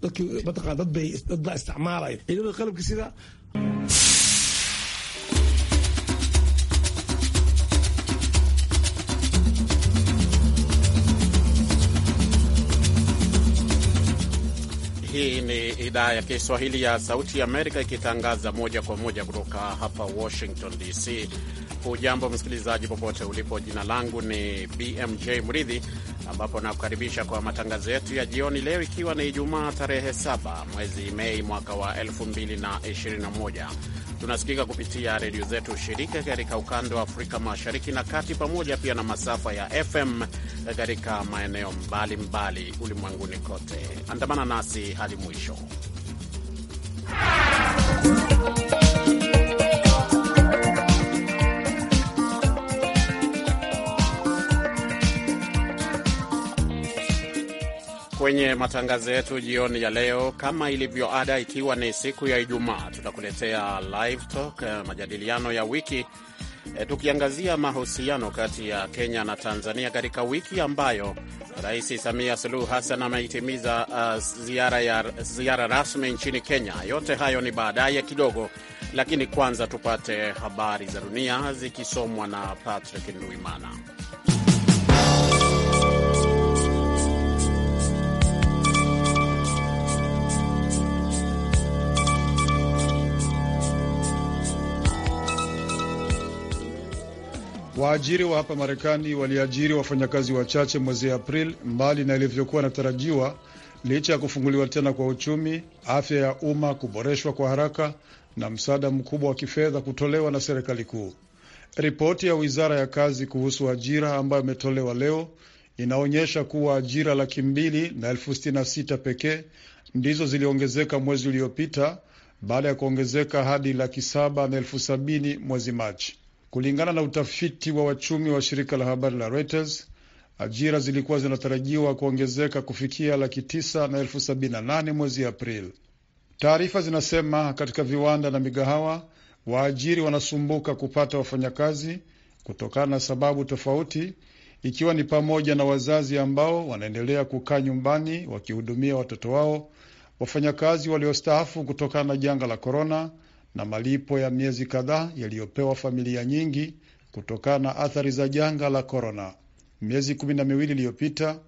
dad ciidamada qalabka sida Hii ni idhaa ya Kiswahili ya Sauti ya Amerika ikitangaza moja kwa moja kutoka hapa Washington DC. Hujambo msikilizaji, popote ulipo. Jina langu ni BMJ Mridhi, ambapo nakukaribisha kwa matangazo yetu ya jioni leo, ikiwa ni Ijumaa tarehe 7 mwezi Mei mwaka wa 2021. Tunasikika kupitia redio zetu shirika katika ukanda wa Afrika mashariki na kati, pamoja pia na masafa ya FM katika maeneo mbalimbali ulimwenguni kote. Andamana nasi hadi mwisho kwenye matangazo yetu jioni ya leo, kama ilivyo ada, ikiwa ni siku ya Ijumaa, tutakuletea live talk, eh, majadiliano ya wiki e, tukiangazia mahusiano kati ya Kenya na Tanzania katika wiki ambayo Rais Samia Suluhu Hassan ameitimiza uh, ziara, ya, ziara rasmi nchini Kenya. Yote hayo ni baadaye kidogo, lakini kwanza tupate habari za dunia zikisomwa na Patrick nduimana Waajiri wa hapa Marekani waliajiri wafanyakazi wachache mwezi Aprili, mbali na ilivyokuwa inatarajiwa, licha ya kufunguliwa tena kwa uchumi, afya ya umma kuboreshwa kwa haraka na msaada mkubwa wa kifedha kutolewa na serikali kuu. Ripoti ya wizara ya kazi kuhusu ajira ambayo imetolewa leo inaonyesha kuwa ajira laki mbili na elfu sitini na sita pekee ndizo ziliongezeka mwezi uliopita baada ya kuongezeka hadi laki saba na elfu sabini mwezi Machi. Kulingana na utafiti wa wachumi wa shirika la habari la Reuters, ajira zilikuwa zinatarajiwa kuongezeka kufikia laki tisa na elfu sabini na nane mwezi Aprili. Taarifa zinasema katika viwanda na migahawa waajiri wanasumbuka kupata wafanyakazi kutokana na sababu tofauti, ikiwa ni pamoja na wazazi ambao wanaendelea kukaa nyumbani wakihudumia watoto wao, wafanyakazi waliostaafu kutokana na janga la korona na malipo ya miezi kadhaa yaliyopewa familia nyingi kutokana na athari za janga la korona. Miezi kumi na miwili iliyopita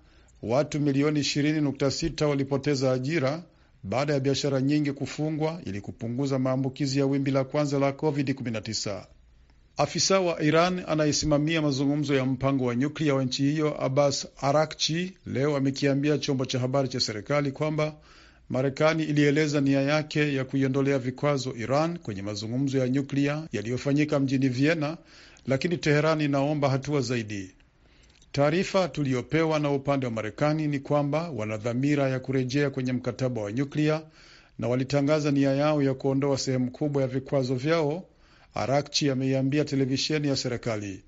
watu milioni 20.6 walipoteza ajira baada ya biashara nyingi kufungwa ili kupunguza maambukizi ya wimbi la kwanza la COVID-19. Afisa wa Iran anayesimamia mazungumzo ya mpango wa nyuklia wa nchi hiyo Abbas Arakchi leo amekiambia chombo cha habari cha serikali kwamba Marekani ilieleza nia yake ya kuiondolea vikwazo Iran kwenye mazungumzo ya nyuklia yaliyofanyika mjini Vienna, lakini Teheran inaomba hatua zaidi. Taarifa tuliyopewa na upande wa Marekani ni kwamba wana dhamira ya kurejea kwenye mkataba wa nyuklia na walitangaza nia yao ya kuondoa sehemu kubwa ya vikwazo vyao, Arakchi ameiambia televisheni ya serikali.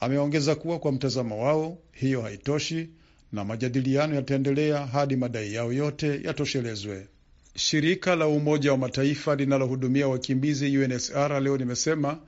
Ameongeza kuwa kwa mtazamo wao hiyo haitoshi na majadiliano yataendelea hadi madai yao yote yatoshelezwe. Shirika la Umoja wa Mataifa linalohudumia wakimbizi UNHCR leo limesema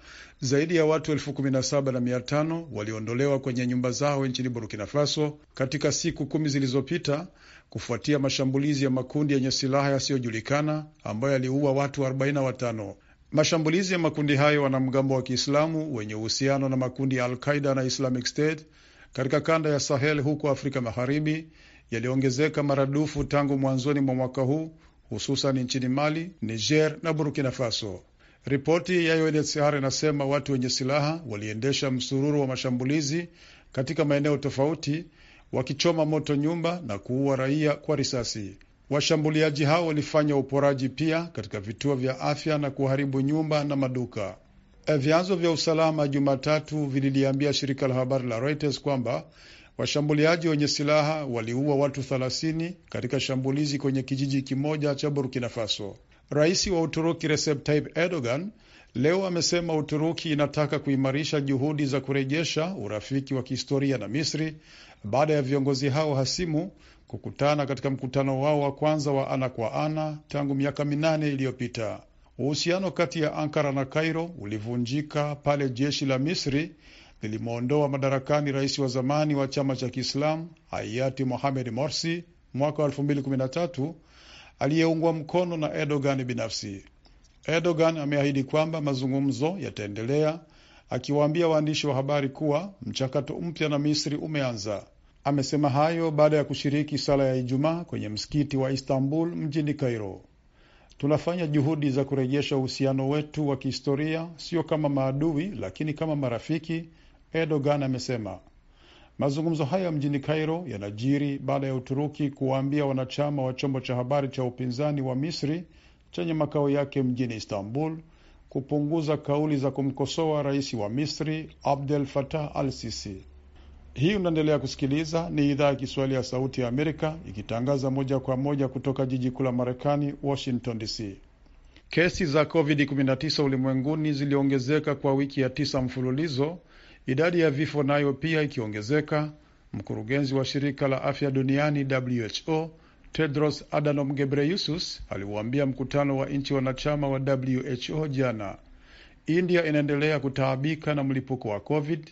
zaidi ya watu elfu kumi na saba na mia tano waliondolewa kwenye nyumba zao nchini Burkina Faso katika siku kumi zilizopita kufuatia mashambulizi ya makundi yenye ya silaha yasiyojulikana ambayo yaliua watu 45. Mashambulizi ya makundi hayo wanamgambo wa Kiislamu wenye uhusiano na makundi ya Al Qaida na Islamic State katika kanda ya Sahel huko Afrika Magharibi yaliongezeka maradufu tangu mwanzoni mwa mwaka huu, hususan nchini Mali, Niger na Burkina Faso. Ripoti ya UNHCR inasema watu wenye silaha waliendesha msururu wa mashambulizi katika maeneo tofauti, wakichoma moto nyumba na kuua raia kwa risasi. Washambuliaji hao walifanya uporaji pia katika vituo vya afya na kuharibu nyumba na maduka. Eh, vyanzo vya usalama Jumatatu vililiambia shirika la habari la Reuters kwamba washambuliaji wenye silaha waliua watu 30 katika shambulizi kwenye kijiji kimoja cha Burkina Faso. Rais wa Uturuki Recep Tayyip Erdogan leo amesema Uturuki inataka kuimarisha juhudi za kurejesha urafiki wa kihistoria na Misri baada ya viongozi hao hasimu kukutana katika mkutano wao wa kwanza wa ana kwa ana tangu miaka minane iliyopita. Uhusiano kati ya Ankara na Kairo ulivunjika pale jeshi la Misri lilimwondoa madarakani rais wa zamani wa chama cha Kiislamu hayati Mohamed Morsi mwaka wa 2013 aliyeungwa mkono na Erdogan binafsi. Erdogan ameahidi kwamba mazungumzo yataendelea, akiwaambia waandishi wa habari kuwa mchakato mpya na Misri umeanza. Amesema hayo baada ya kushiriki sala ya Ijumaa kwenye msikiti wa Istanbul mjini Kairo. Tunafanya juhudi za kurejesha uhusiano wetu wa kihistoria, sio kama maadui, lakini kama marafiki, Erdogan amesema. Mazungumzo haya mjini Cairo yanajiri baada ya Uturuki kuwaambia wanachama wa chombo cha habari cha upinzani wa Misri chenye makao yake mjini Istanbul kupunguza kauli za kumkosoa rais wa Misri Abdel Fattah al-Sisi. Hii unaendelea kusikiliza, ni idhaa ya Kiswahili ya Sauti ya Amerika ikitangaza moja kwa moja kutoka jiji kuu la Marekani, Washington DC. Kesi za COVID-19 ulimwenguni ziliongezeka kwa wiki ya tisa mfululizo, idadi ya vifo nayo pia ikiongezeka. Mkurugenzi wa shirika la afya duniani WHO Tedros Adhanom Ghebreyesus aliwaambia mkutano wa nchi wanachama wa WHO jana, India inaendelea kutaabika na mlipuko wa COVID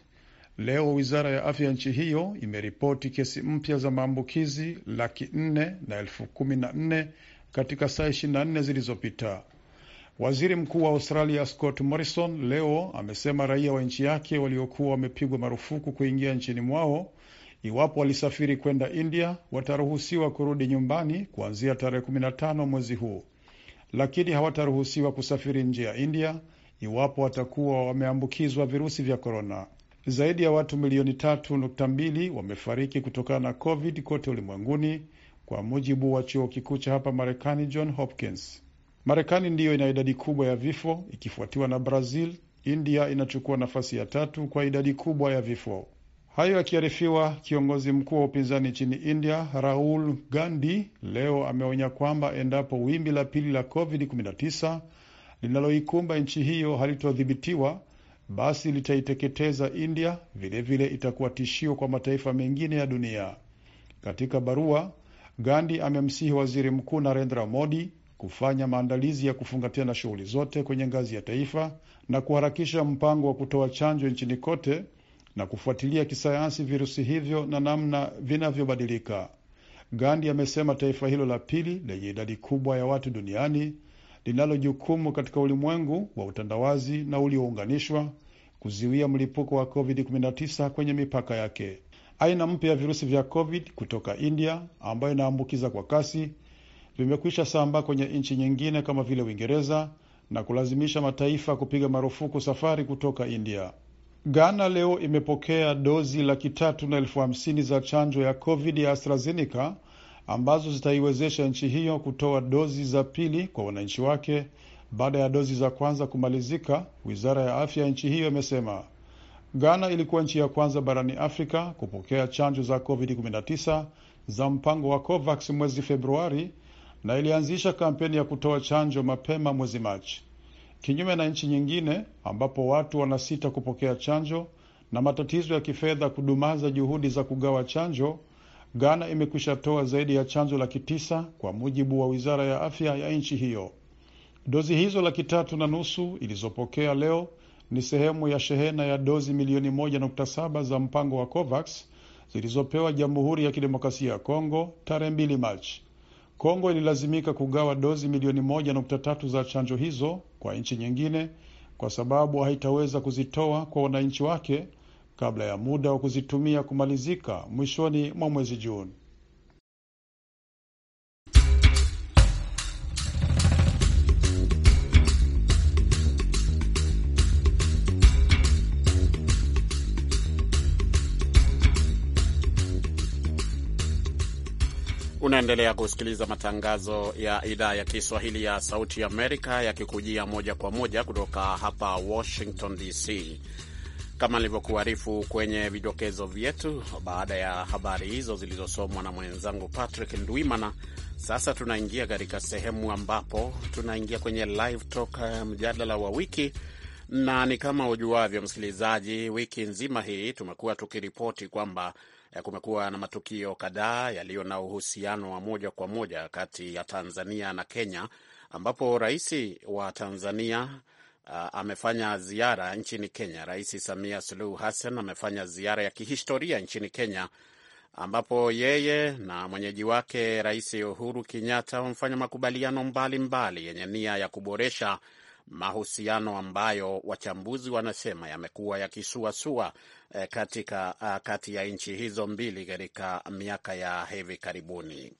Leo wizara ya afya nchi hiyo imeripoti kesi mpya za maambukizi laki nne na elfu kumi na nne katika saa 24 zilizopita. Waziri mkuu wa Australia Scott Morrison leo amesema raia wa nchi yake waliokuwa wamepigwa marufuku kuingia nchini mwao, iwapo walisafiri kwenda India, wataruhusiwa kurudi nyumbani kuanzia tarehe 15 mwezi huu, lakini hawataruhusiwa kusafiri nje ya India iwapo watakuwa wameambukizwa virusi vya korona. Zaidi ya watu milioni tatu nukta mbili wamefariki kutokana na COVID kote ulimwenguni, kwa mujibu wa chuo kikuu cha hapa Marekani John Hopkins. Marekani ndiyo ina idadi kubwa ya vifo ikifuatiwa na Brazil. India inachukua nafasi ya tatu kwa idadi kubwa ya vifo. Hayo akiarifiwa kiongozi mkuu wa upinzani nchini India Rahul Gandhi leo ameonya kwamba endapo wimbi la pili la COVID-19 linaloikumba nchi hiyo halitodhibitiwa basi litaiteketeza India, vilevile itakuwa tishio kwa mataifa mengine ya dunia. Katika barua, Gandhi amemsihi Waziri Mkuu Narendra Modi kufanya maandalizi ya kufunga tena shughuli zote kwenye ngazi ya taifa na kuharakisha mpango wa kutoa chanjo nchini kote na kufuatilia kisayansi virusi hivyo na namna vinavyobadilika. Gandhi amesema taifa hilo la pili lenye idadi kubwa ya watu duniani linalo jukumu katika ulimwengu wa utandawazi na uliounganishwa kuzuia mlipuko wa COVID-19 kwenye mipaka yake. Aina mpya ya virusi vya COVID kutoka India ambayo inaambukiza kwa kasi vimekwisha sambaa kwenye nchi nyingine kama vile Uingereza na kulazimisha mataifa kupiga marufuku safari kutoka India. Ghana leo imepokea dozi laki tatu na elfu hamsini za chanjo ya COVID ya AstraZeneca ambazo zitaiwezesha nchi hiyo kutoa dozi za pili kwa wananchi wake baada ya dozi za kwanza kumalizika, wizara ya afya ya nchi hiyo imesema. Ghana ilikuwa nchi ya kwanza barani Afrika kupokea chanjo za COVID-19 za mpango wa COVAX mwezi Februari na ilianzisha kampeni ya kutoa chanjo mapema mwezi Machi, kinyume na nchi nyingine ambapo watu wanasita kupokea chanjo na matatizo ya kifedha kudumaza juhudi za kugawa chanjo. Ghana imekwisha toa zaidi ya chanjo laki tisa kwa mujibu wa wizara ya afya ya nchi hiyo. Dozi hizo laki tatu na nusu ilizopokea leo ni sehemu ya shehena ya dozi milioni moja nukta saba za mpango wa COVAX zilizopewa Jamhuri ya Kidemokrasia ya Kongo tarehe mbili Machi. Kongo ililazimika kugawa dozi milioni moja nukta tatu za chanjo hizo kwa nchi nyingine kwa sababu haitaweza kuzitoa kwa wananchi wake kabla ya muda wa kuzitumia kumalizika mwishoni mwa mwezi Juni. Unaendelea kusikiliza matangazo ya idhaa ya Kiswahili ya Sauti Amerika yakikujia moja kwa moja kutoka hapa Washington DC. Kama nilivyokuarifu kwenye vidokezo vyetu, baada ya habari hizo zilizosomwa na mwenzangu Patrick Ndwimana, sasa tunaingia katika sehemu ambapo tunaingia kwenye live talk, eh, mjadala wa wiki na ni kama ujuavyo msikilizaji, wiki nzima hii tumekuwa tukiripoti kwamba eh, kumekuwa na matukio kadhaa yaliyo na uhusiano wa moja kwa moja kati ya Tanzania na Kenya, ambapo rais wa Tanzania uh, amefanya ziara nchini Kenya. Rais Samia Suluhu Hassan amefanya ziara ya kihistoria nchini Kenya ambapo yeye na mwenyeji wake Rais Uhuru Kenyatta wamefanya makubaliano mbalimbali yenye nia ya kuboresha mahusiano ambayo wachambuzi wanasema yamekuwa yakisuasua eh, katika uh, kati ya nchi hizo mbili katika miaka ya hivi karibuni.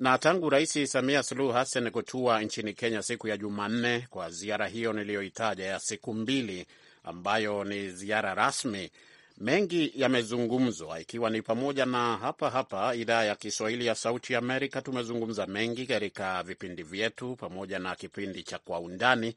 Na tangu Rais Samia Suluhu Hassan kutua nchini Kenya siku ya Jumanne kwa ziara hiyo niliyoitaja ya siku mbili, ambayo ni ziara rasmi, mengi yamezungumzwa, ikiwa ni pamoja na hapa hapa idhaa ya Kiswahili ya Sauti Amerika. Tumezungumza mengi katika vipindi vyetu pamoja na kipindi cha Kwa Undani,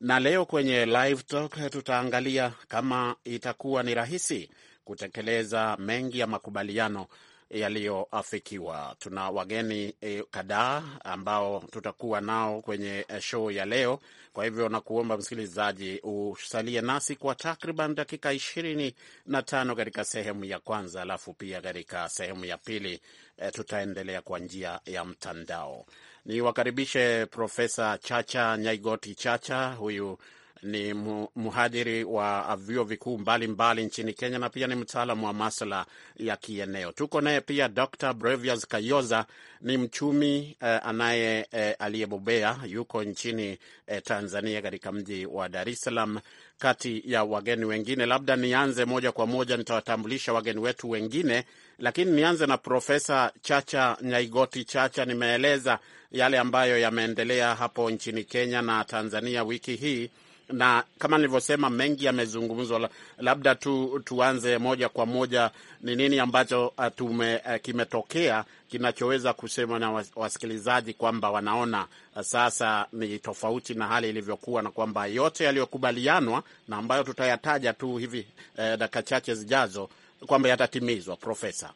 na leo kwenye Live Talk tutaangalia kama itakuwa ni rahisi kutekeleza mengi ya makubaliano yaliyoafikiwa. Tuna wageni eh, kadhaa ambao tutakuwa nao kwenye e, show ya leo. Kwa hivyo nakuomba msikilizaji usalie nasi kwa takriban dakika ishirini na tano katika sehemu ya kwanza, alafu pia katika sehemu ya pili eh, tutaendelea kwa njia ya mtandao. Niwakaribishe Profesa Chacha Nyaigoti Chacha, huyu ni mhadhiri wa uh, vyuo vikuu mbalimbali nchini Kenya na pia ni mtaalamu wa masala ya kieneo. Tuko naye pia Dr. Brevias Kayoza ni mchumi eh, anaye eh, aliyebobea yuko nchini eh, Tanzania katika mji wa Dar es Salaam, kati ya wageni wengine. Labda nianze moja kwa moja, nitawatambulisha wageni wetu wengine, lakini nianze na Profesa Chacha Nyaigoti Chacha. Nimeeleza yale ambayo yameendelea hapo nchini Kenya na Tanzania wiki hii na kama nilivyosema, mengi yamezungumzwa. Labda tu tuanze moja kwa moja, ni nini ambacho eh, tume eh, kimetokea kinachoweza kusema na wasikilizaji kwamba wanaona eh, sasa ni tofauti na hali ilivyokuwa, na kwamba yote yaliyokubalianwa na ambayo tutayataja tu hivi eh, dakika chache zijazo kwamba yatatimizwa. Profesa,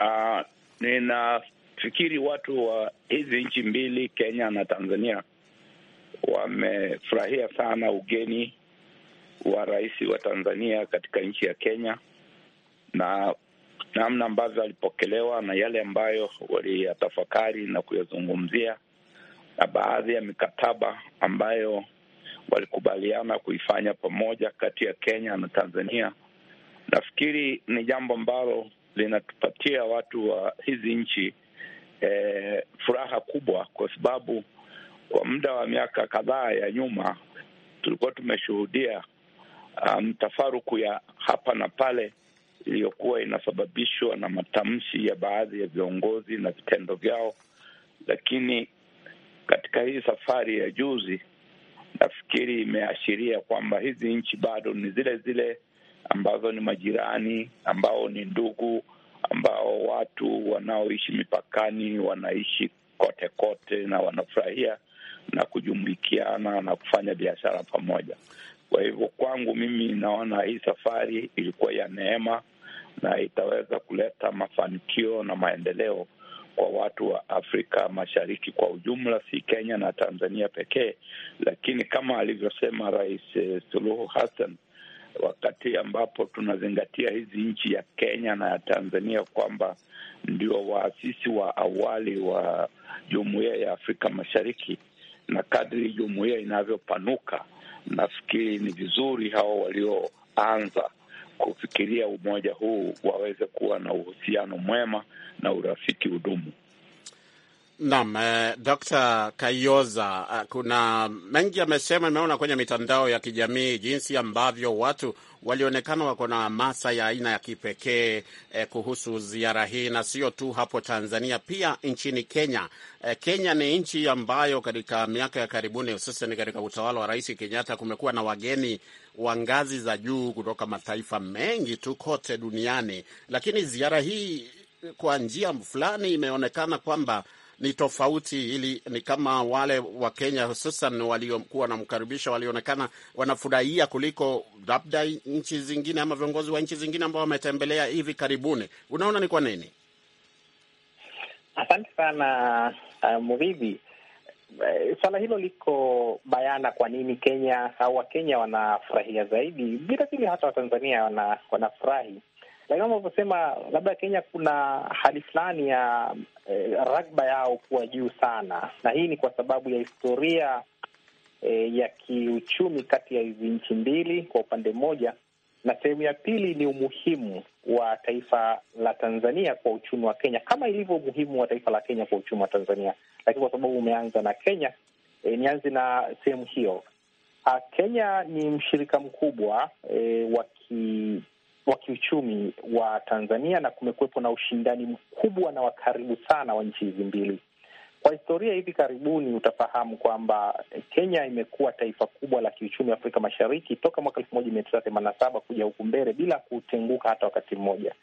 uh, ninafikiri watu wa hizi nchi mbili Kenya na Tanzania wamefurahia sana ugeni wa rais wa Tanzania katika nchi ya Kenya na namna ambavyo alipokelewa na yale ambayo waliyatafakari na kuyazungumzia na baadhi ya mikataba ambayo walikubaliana kuifanya pamoja kati ya Kenya na Tanzania. Nafikiri ni jambo ambalo linatupatia watu wa hizi nchi eh, furaha kubwa kwa sababu kwa muda wa miaka kadhaa ya nyuma tulikuwa tumeshuhudia ah, mtafaruku um, ya hapa na pale iliyokuwa inasababishwa na matamshi ya baadhi ya viongozi na vitendo vyao, lakini katika hii safari ya juzi nafikiri imeashiria kwamba hizi nchi bado ni zile zile ambazo ni majirani, ambao ni ndugu, ambao watu wanaoishi mipakani wanaishi kote kote na wanafurahia na kujumuikiana na kufanya biashara pamoja. Kwa hivyo kwangu mimi naona hii safari ilikuwa ya neema na itaweza kuleta mafanikio na maendeleo kwa watu wa Afrika Mashariki kwa ujumla, si Kenya na Tanzania pekee, lakini kama alivyosema Rais eh, Suluhu Hassan wakati ambapo tunazingatia hizi nchi ya Kenya na ya Tanzania kwamba ndio waasisi wa awali wa Jumuiya ya Afrika Mashariki, na kadri jumuiya inavyopanuka, nafikiri ni vizuri hao walioanza kufikiria umoja huu waweze kuwa na uhusiano mwema na urafiki udumu. Naam, eh, Dr. Kayoza, eh, kuna mengi amesema, imeona kwenye mitandao ya kijamii jinsi ambavyo watu walionekana wako na hamasa ya aina ya kipekee eh, kuhusu ziara hii na sio tu hapo Tanzania, pia nchini Kenya. Eh, Kenya ni nchi ambayo katika miaka ya karibuni, hususan katika utawala wa Rais Kenyatta, kumekuwa na wageni wa ngazi za juu kutoka mataifa mengi tu kote duniani, lakini ziara hii kwa njia fulani imeonekana kwamba ni tofauti, ili ni kama wale wa Kenya hususan waliokuwa wanamkaribisha walionekana wanafurahia kuliko labda nchi zingine ama viongozi wa nchi zingine ambao wametembelea hivi karibuni. Unaona ni kwa nini? Asante sana uh, Mridhi. Eh, swala hilo liko bayana, kwa nini Kenya au Wakenya wanafurahia zaidi, vilevile hata Watanzania wanafurahi wana lakini kama unavyosema, labda Kenya kuna hali fulani ya eh, ragba yao kuwa juu sana, na hii ni kwa sababu ya historia eh, ya kiuchumi kati ya hizi nchi mbili kwa upande mmoja, na sehemu ya pili ni umuhimu wa taifa la Tanzania kwa uchumi wa Kenya kama ilivyo umuhimu wa taifa la Kenya kwa uchumi wa Tanzania. Lakini kwa sababu umeanza na Kenya, eh, nianze na sehemu hiyo. Ah, Kenya ni mshirika mkubwa eh, wa wa kiuchumi wa Tanzania, na kumekuwepo na ushindani mkubwa na wa karibu sana wa nchi hizi mbili. Kwa historia hivi karibuni, utafahamu kwamba Kenya imekuwa taifa kubwa la kiuchumi Afrika Mashariki toka mwaka elfu moja mia tisa themanini na saba kuja huku mbele bila kutenguka hata wakati mmoja,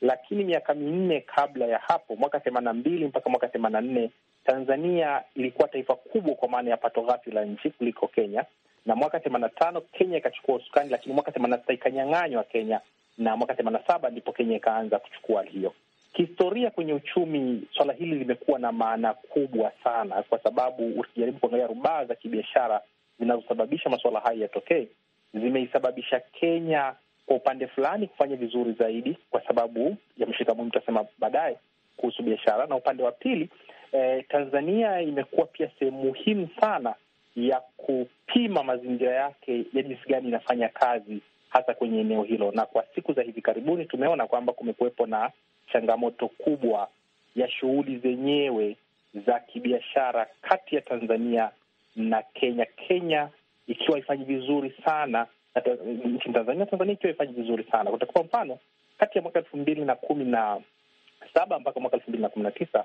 lakini miaka minne kabla ya hapo, mwaka themanini na mbili mpaka mwaka themanini na nne Tanzania ilikuwa taifa kubwa kwa maana ya pato ghafi la nchi kuliko Kenya, na mwaka themanini na tano Kenya ikachukua usukani, lakini mwaka themanini na sita ikanyang'anywa Kenya na mwaka themanini na saba ndipo Kenya ikaanza kuchukua hiyo. Kihistoria kwenye uchumi, swala hili limekuwa na maana kubwa sana, kwa sababu ukijaribu kuangalia rubaa za kibiashara zinazosababisha masuala haya yatokee, zimeisababisha Kenya kwa upande fulani kufanya vizuri zaidi, kwa sababu ya mshirika muhimu tutasema baadaye kuhusu biashara, na upande wa pili eh, Tanzania imekuwa pia sehemu muhimu sana ya kupima mazingira yake ya jinsi gani inafanya kazi hasa kwenye eneo hilo, na kwa siku za hivi karibuni tumeona kwamba kumekuwepo na changamoto kubwa ya shughuli zenyewe za kibiashara kati ya Tanzania na Kenya, Kenya ikiwa haifanyi vizuri sana nchini Tanzania, Tanzania ikiwa haifanyi vizuri sana. Kwa mfano, kati ya mwaka elfu mbili na kumi na saba mpaka mwaka elfu mbili na kumi na tisa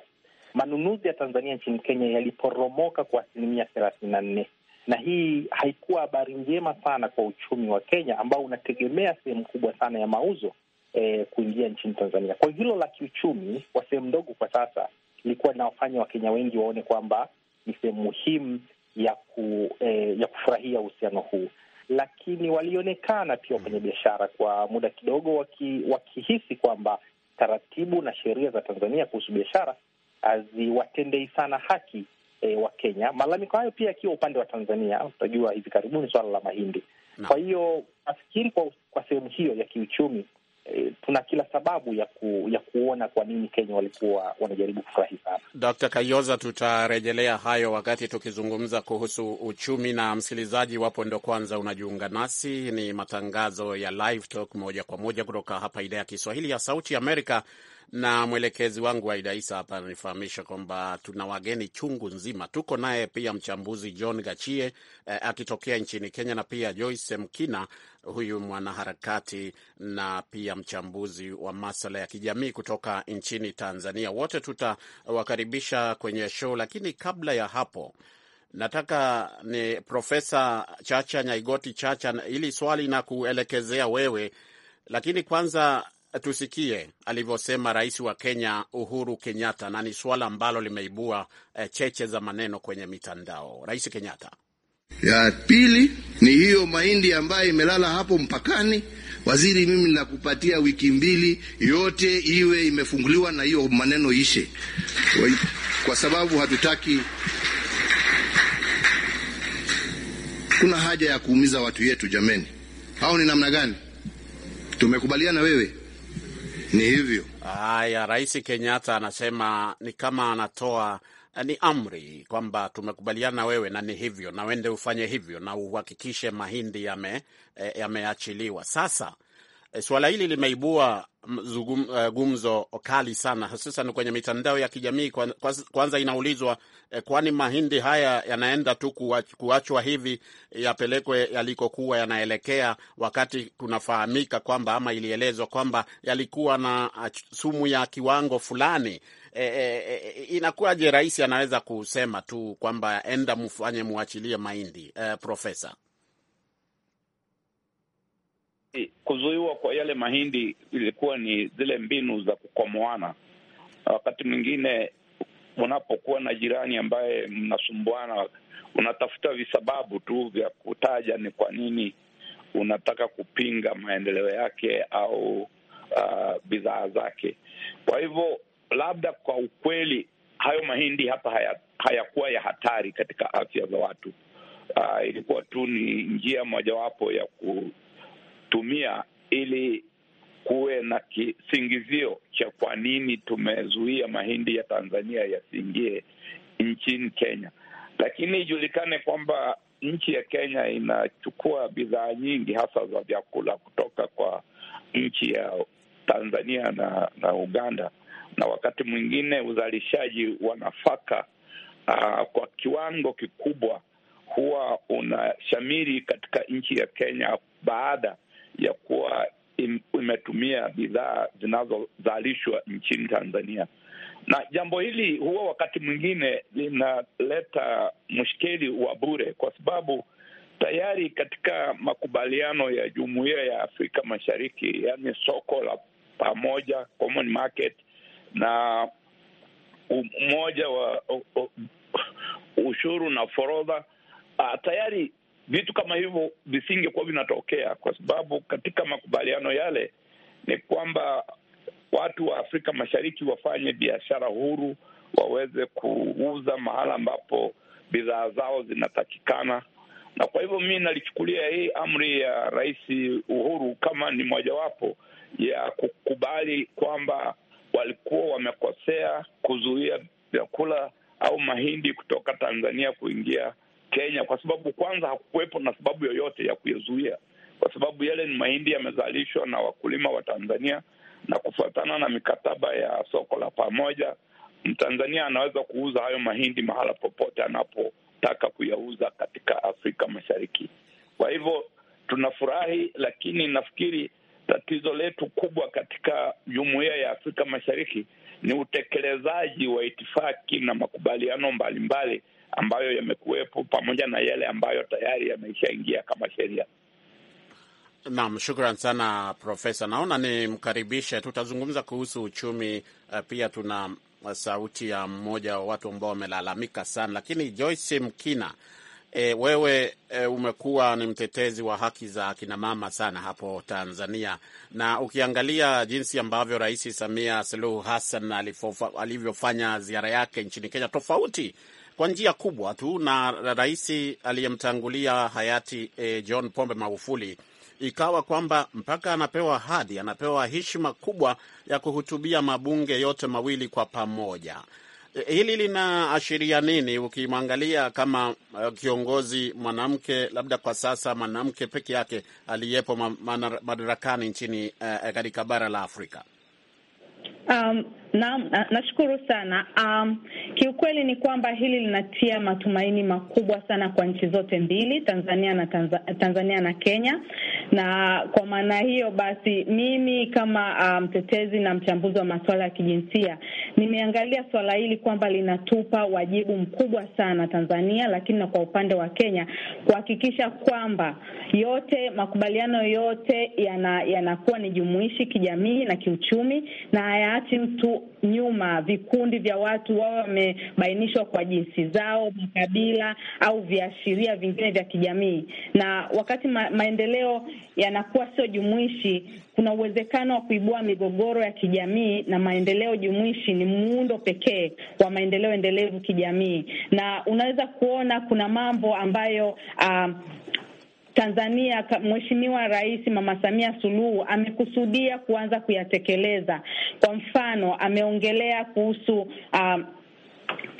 manunuzi ya Tanzania nchini Kenya yaliporomoka kwa asilimia thelathini na nne na hii haikuwa habari njema sana kwa uchumi wa Kenya ambao unategemea sehemu kubwa sana ya mauzo eh, kuingia nchini Tanzania. Kwa hilo la kiuchumi kwa sehemu ndogo kwa sasa ilikuwa inawafanya Wakenya wengi waone kwamba ni sehemu muhimu ya ku, eh, ya kufurahia uhusiano huu, lakini walionekana pia biashara kwa muda kidogo waki, wakihisi kwamba taratibu na sheria za Tanzania kuhusu biashara haziwatendei sana haki e, wa Kenya. Malalamiko hayo pia yakiwa upande wa Tanzania, utajua hivi karibuni swala la mahindi no. Kwa hiyo nafikiri kwa, kwa sehemu hiyo ya kiuchumi E, tuna kila sababu ya, ku, ya kuona kwa nini Kenya walikuwa wanajaribu kufurahi sana. Dr. Kayoza, tutarejelea hayo wakati tukizungumza kuhusu uchumi. Na msikilizaji, wapo ndo kwanza unajiunga nasi, ni matangazo ya Live Talk moja kwa moja kutoka hapa idhaa ya Kiswahili ya Sauti Amerika, na mwelekezi wangu Aida Isa hapa ananifahamisha kwamba tuna wageni chungu nzima. Tuko naye pia mchambuzi John Gachie eh, akitokea nchini Kenya, na pia Joyce Mkina, huyu mwanaharakati na pia mchambuzi wa masala ya kijamii kutoka nchini Tanzania. Wote tutawakaribisha kwenye show, lakini kabla ya hapo nataka ni Profesa Chacha Nyaigoti Chacha, ili swali na kuelekezea wewe, lakini kwanza tusikie alivyosema rais wa Kenya Uhuru Kenyatta, na ni suala ambalo limeibua eh, cheche za maneno kwenye mitandao. Rais Kenyatta: ya pili ni hiyo mahindi ambayo imelala hapo mpakani. Waziri, mimi nakupatia wiki mbili, yote iwe imefunguliwa na hiyo maneno ishe, kwa sababu hatutaki kuna haja ya kuumiza watu yetu jameni. Au ni namna gani? Tumekubaliana wewe ni hivyo. Haya, Rais Kenyatta anasema ni kama anatoa eh, ni amri kwamba tumekubaliana wewe na ni hivyo, na wende ufanye hivyo na uhakikishe mahindi eh, yameachiliwa yame. Sasa Eh, suala hili limeibua eh, gumzo kali sana, hususan kwenye mitandao ya kijamii. Kwanza inaulizwa eh, kwani mahindi haya yanaenda tu kuachwa hivi yapelekwe yalikokuwa yanaelekea, wakati kunafahamika kwamba ama ilielezwa kwamba yalikuwa na ah, sumu ya kiwango fulani. E, e, inakuwaje rais anaweza kusema tu kwamba enda mfanye muachilie mahindi? E, Profesa kuzuiwa kwa yale mahindi ilikuwa ni zile mbinu za kukomoana. Wakati mwingine unapokuwa na jirani ambaye mnasumbuana, unatafuta visababu tu vya kutaja ni kwa nini unataka kupinga maendeleo yake au uh, bidhaa zake. Kwa hivyo labda kwa ukweli hayo mahindi hapa haya, hayakuwa ya hatari katika afya za watu. Uh, ilikuwa tu ni njia mojawapo ya ku kutumia ili kuwe na kisingizio cha kwa nini tumezuia mahindi ya Tanzania yasiingie nchini Kenya. Lakini ijulikane kwamba nchi ya Kenya inachukua bidhaa nyingi hasa za vyakula kutoka kwa nchi ya Tanzania na, na Uganda na wakati mwingine uzalishaji wa nafaka uh, kwa kiwango kikubwa huwa unashamiri katika nchi ya Kenya baada ya kuwa imetumia bidhaa zinazozalishwa nchini Tanzania, na jambo hili huwa wakati mwingine linaleta mshikeli wa bure, kwa sababu tayari katika makubaliano ya Jumuiya ya Afrika Mashariki, yaani soko la pamoja, common market, na umoja wa ushuru na forodha, ah, tayari vitu kama hivyo visingekuwa vinatokea, kwa sababu katika makubaliano yale ni kwamba watu wa Afrika Mashariki wafanye biashara huru, waweze kuuza mahala ambapo bidhaa zao zinatakikana. Na kwa hivyo mi nalichukulia hii amri ya Rais Uhuru kama ni mojawapo ya kukubali kwamba walikuwa wamekosea kuzuia vyakula au mahindi kutoka Tanzania kuingia Kenya, kwa sababu kwanza hakukuwepo na sababu yoyote ya kuyazuia, kwa sababu yale ni mahindi yamezalishwa na wakulima wa Tanzania, na kufuatana na mikataba ya soko la pamoja, Mtanzania anaweza kuuza hayo mahindi mahala popote anapotaka kuyauza katika Afrika Mashariki. Kwa hivyo tunafurahi, lakini nafikiri tatizo letu kubwa katika jumuiya ya Afrika Mashariki ni utekelezaji wa itifaki na makubaliano mbalimbali mbali ambayo yamekuwepo pamoja na yale ambayo tayari yameshaingia kama sheria. Naam, shukran sana Profesa. Naona nimkaribishe, tutazungumza kuhusu uchumi eh, pia. Tuna eh, sauti ya mmoja wa watu ambao wamelalamika sana, lakini Joyce Mkina, e, wewe e, umekuwa ni mtetezi wa haki za akinamama sana hapo Tanzania, na ukiangalia jinsi ambavyo Rais Samia Suluhu Hassan alivyofanya ziara yake nchini Kenya, tofauti kwa njia kubwa tu na rais aliyemtangulia hayati eh, John Pombe Magufuli, ikawa kwamba mpaka anapewa hadhi, anapewa heshima kubwa ya kuhutubia mabunge yote mawili kwa pamoja. E, hili linaashiria nini? Ukimwangalia kama e, kiongozi mwanamke, labda kwa sasa mwanamke peke yake aliyepo madarakani nchini uh, katika bara la Afrika. Um, naam, nashukuru na sana. Um, kiukweli ni kwamba hili linatia matumaini makubwa sana kwa nchi zote mbili, Tanzania na Tanzania na Kenya, na kwa maana hiyo basi, mimi kama ah, mtetezi um, na mchambuzi wa masuala ya kijinsia nimeangalia swala hili kwamba linatupa wajibu mkubwa sana Tanzania, lakini na kwa upande wa Kenya kuhakikisha kwamba yote makubaliano yote yanakuwa yana ni jumuishi kijamii na kiuchumi, na hayaachi mtu nyuma. Vikundi vya watu wao wamebainishwa kwa jinsi zao, makabila au viashiria vingine vya kijamii, na wakati ma, maendeleo yanakuwa sio jumuishi, kuna uwezekano wa kuibua migogoro ya kijamii. Na maendeleo jumuishi ni muundo pekee wa maendeleo endelevu kijamii, na unaweza kuona kuna mambo ambayo uh, Tanzania Mheshimiwa Rais Mama Samia Suluhu amekusudia kuanza kuyatekeleza. Kwa mfano, ameongelea kuhusu uh,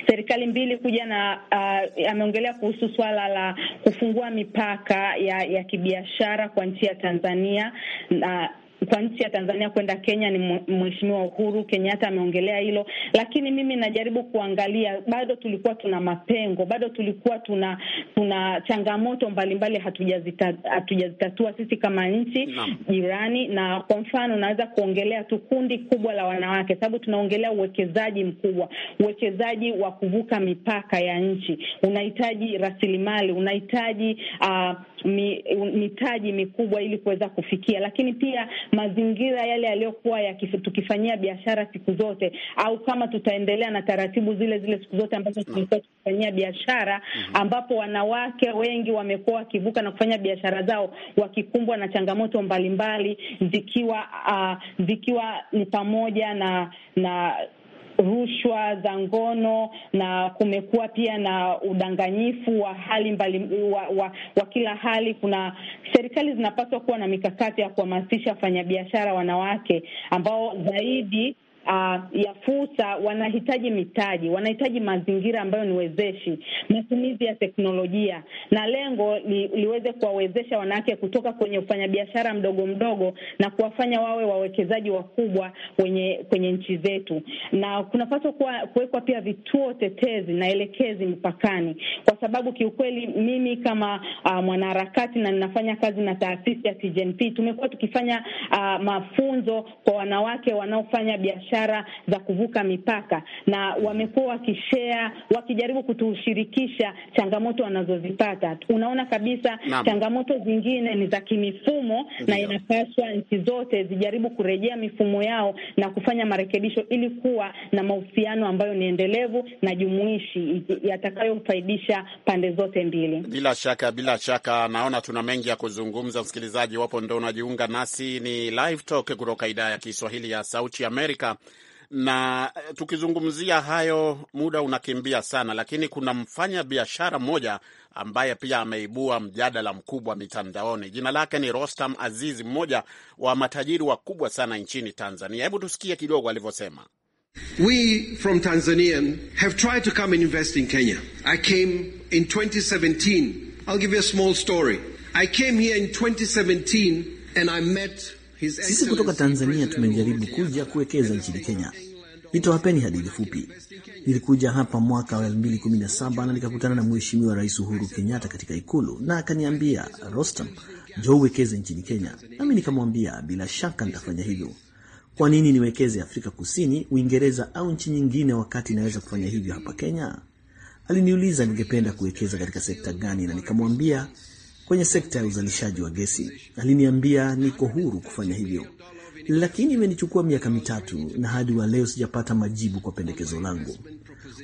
serikali mbili kuja na uh, ameongelea kuhusu swala la kufungua mipaka ya ya kibiashara kwa nchi ya Tanzania na kwa nchi ya Tanzania kwenda Kenya ni Mheshimiwa Uhuru Kenyatta ameongelea hilo, lakini mimi najaribu kuangalia, bado tulikuwa tuna mapengo, bado tulikuwa tuna tuna changamoto mbalimbali hatujazita, hatujazitatua sisi kama nchi jirani. Na kwa mfano naweza kuongelea tu kundi kubwa la wanawake, sababu tunaongelea uwekezaji mkubwa, uwekezaji wa kuvuka mipaka ya nchi, unahitaji rasilimali, unahitaji uh, mi, mitaji mikubwa ili kuweza kufikia, lakini pia mazingira yale yaliyokuwa tukifanyia biashara siku zote, au kama tutaendelea na taratibu zile zile siku zote ambazo mm. tulikuwa tukifanyia biashara, mm-hmm. ambapo wanawake wengi wamekuwa wakivuka na kufanya biashara zao wakikumbwa na changamoto mbalimbali mbali, zikiwa uh, zikiwa ni pamoja na na rushwa za ngono na kumekuwa pia na udanganyifu wa hali mbali, wa, wa, wa kila hali. Kuna serikali zinapaswa kuwa na mikakati ya kuhamasisha wafanyabiashara wanawake ambao zaidi uh, ya fursa wanahitaji mitaji, wanahitaji mazingira ambayo ni wezeshi, matumizi ya teknolojia, na lengo li, liweze kuwawezesha wanawake kutoka kwenye ufanyabiashara mdogo mdogo na kuwafanya wawe wawekezaji wakubwa kwenye kwenye nchi zetu, na kunapaswa kuwekwa pia vituo tetezi na elekezi mpakani, kwa sababu kiukweli mimi kama uh, mwanaharakati na ninafanya kazi na taasisi ya TGNP tumekuwa tukifanya uh, mafunzo kwa wanawake wanaofanya biashara biashara za kuvuka mipaka, na wamekuwa wakishea, wakijaribu kutushirikisha changamoto wanazozipata. Unaona kabisa Nama. changamoto zingine ni za kimifumo Ndiyo. na inapaswa nchi zote zijaribu kurejea mifumo yao na kufanya marekebisho ili kuwa na mahusiano ambayo ni endelevu na jumuishi yatakayofaidisha pande zote mbili. Bila shaka, bila shaka, naona tuna mengi ya kuzungumza. Msikilizaji wapo ndo unajiunga nasi, ni Live Talk kutoka idhaa ya Kiswahili ya Sauti Amerika na eh, tukizungumzia hayo, muda unakimbia sana, lakini kuna mfanya biashara mmoja ambaye pia ameibua mjadala mkubwa mitandaoni. Jina lake ni Rostam Azizi, mmoja wa matajiri wakubwa sana nchini Tanzania. Hebu tusikie kidogo alivyosema. We from Tanzania have tried to come and invest in Kenya. I came in 2017. I'll give you a small story. I came here in 2017 and I met sisi kutoka Tanzania tumejaribu kuja kuwekeza nchini Kenya. Nitawapeni hadithi fupi. Nilikuja hapa mwaka wa 2017 na nikakutana na Mheshimiwa Rais Uhuru Kenyatta katika Ikulu na akaniambia, Rostam, njoo uwekeze nchini Kenya. Nami nikamwambia, bila shaka nitafanya hivyo. Kwa nini niwekeze Afrika Kusini, Uingereza au nchi nyingine wakati inaweza kufanya hivyo hapa Kenya? Aliniuliza ningependa kuwekeza katika sekta gani, na nikamwambia kwenye sekta ya uzalishaji wa gesi. Aliniambia niko huru kufanya hivyo, lakini imenichukua miaka mitatu na hadi wa leo sijapata majibu kwa pendekezo langu.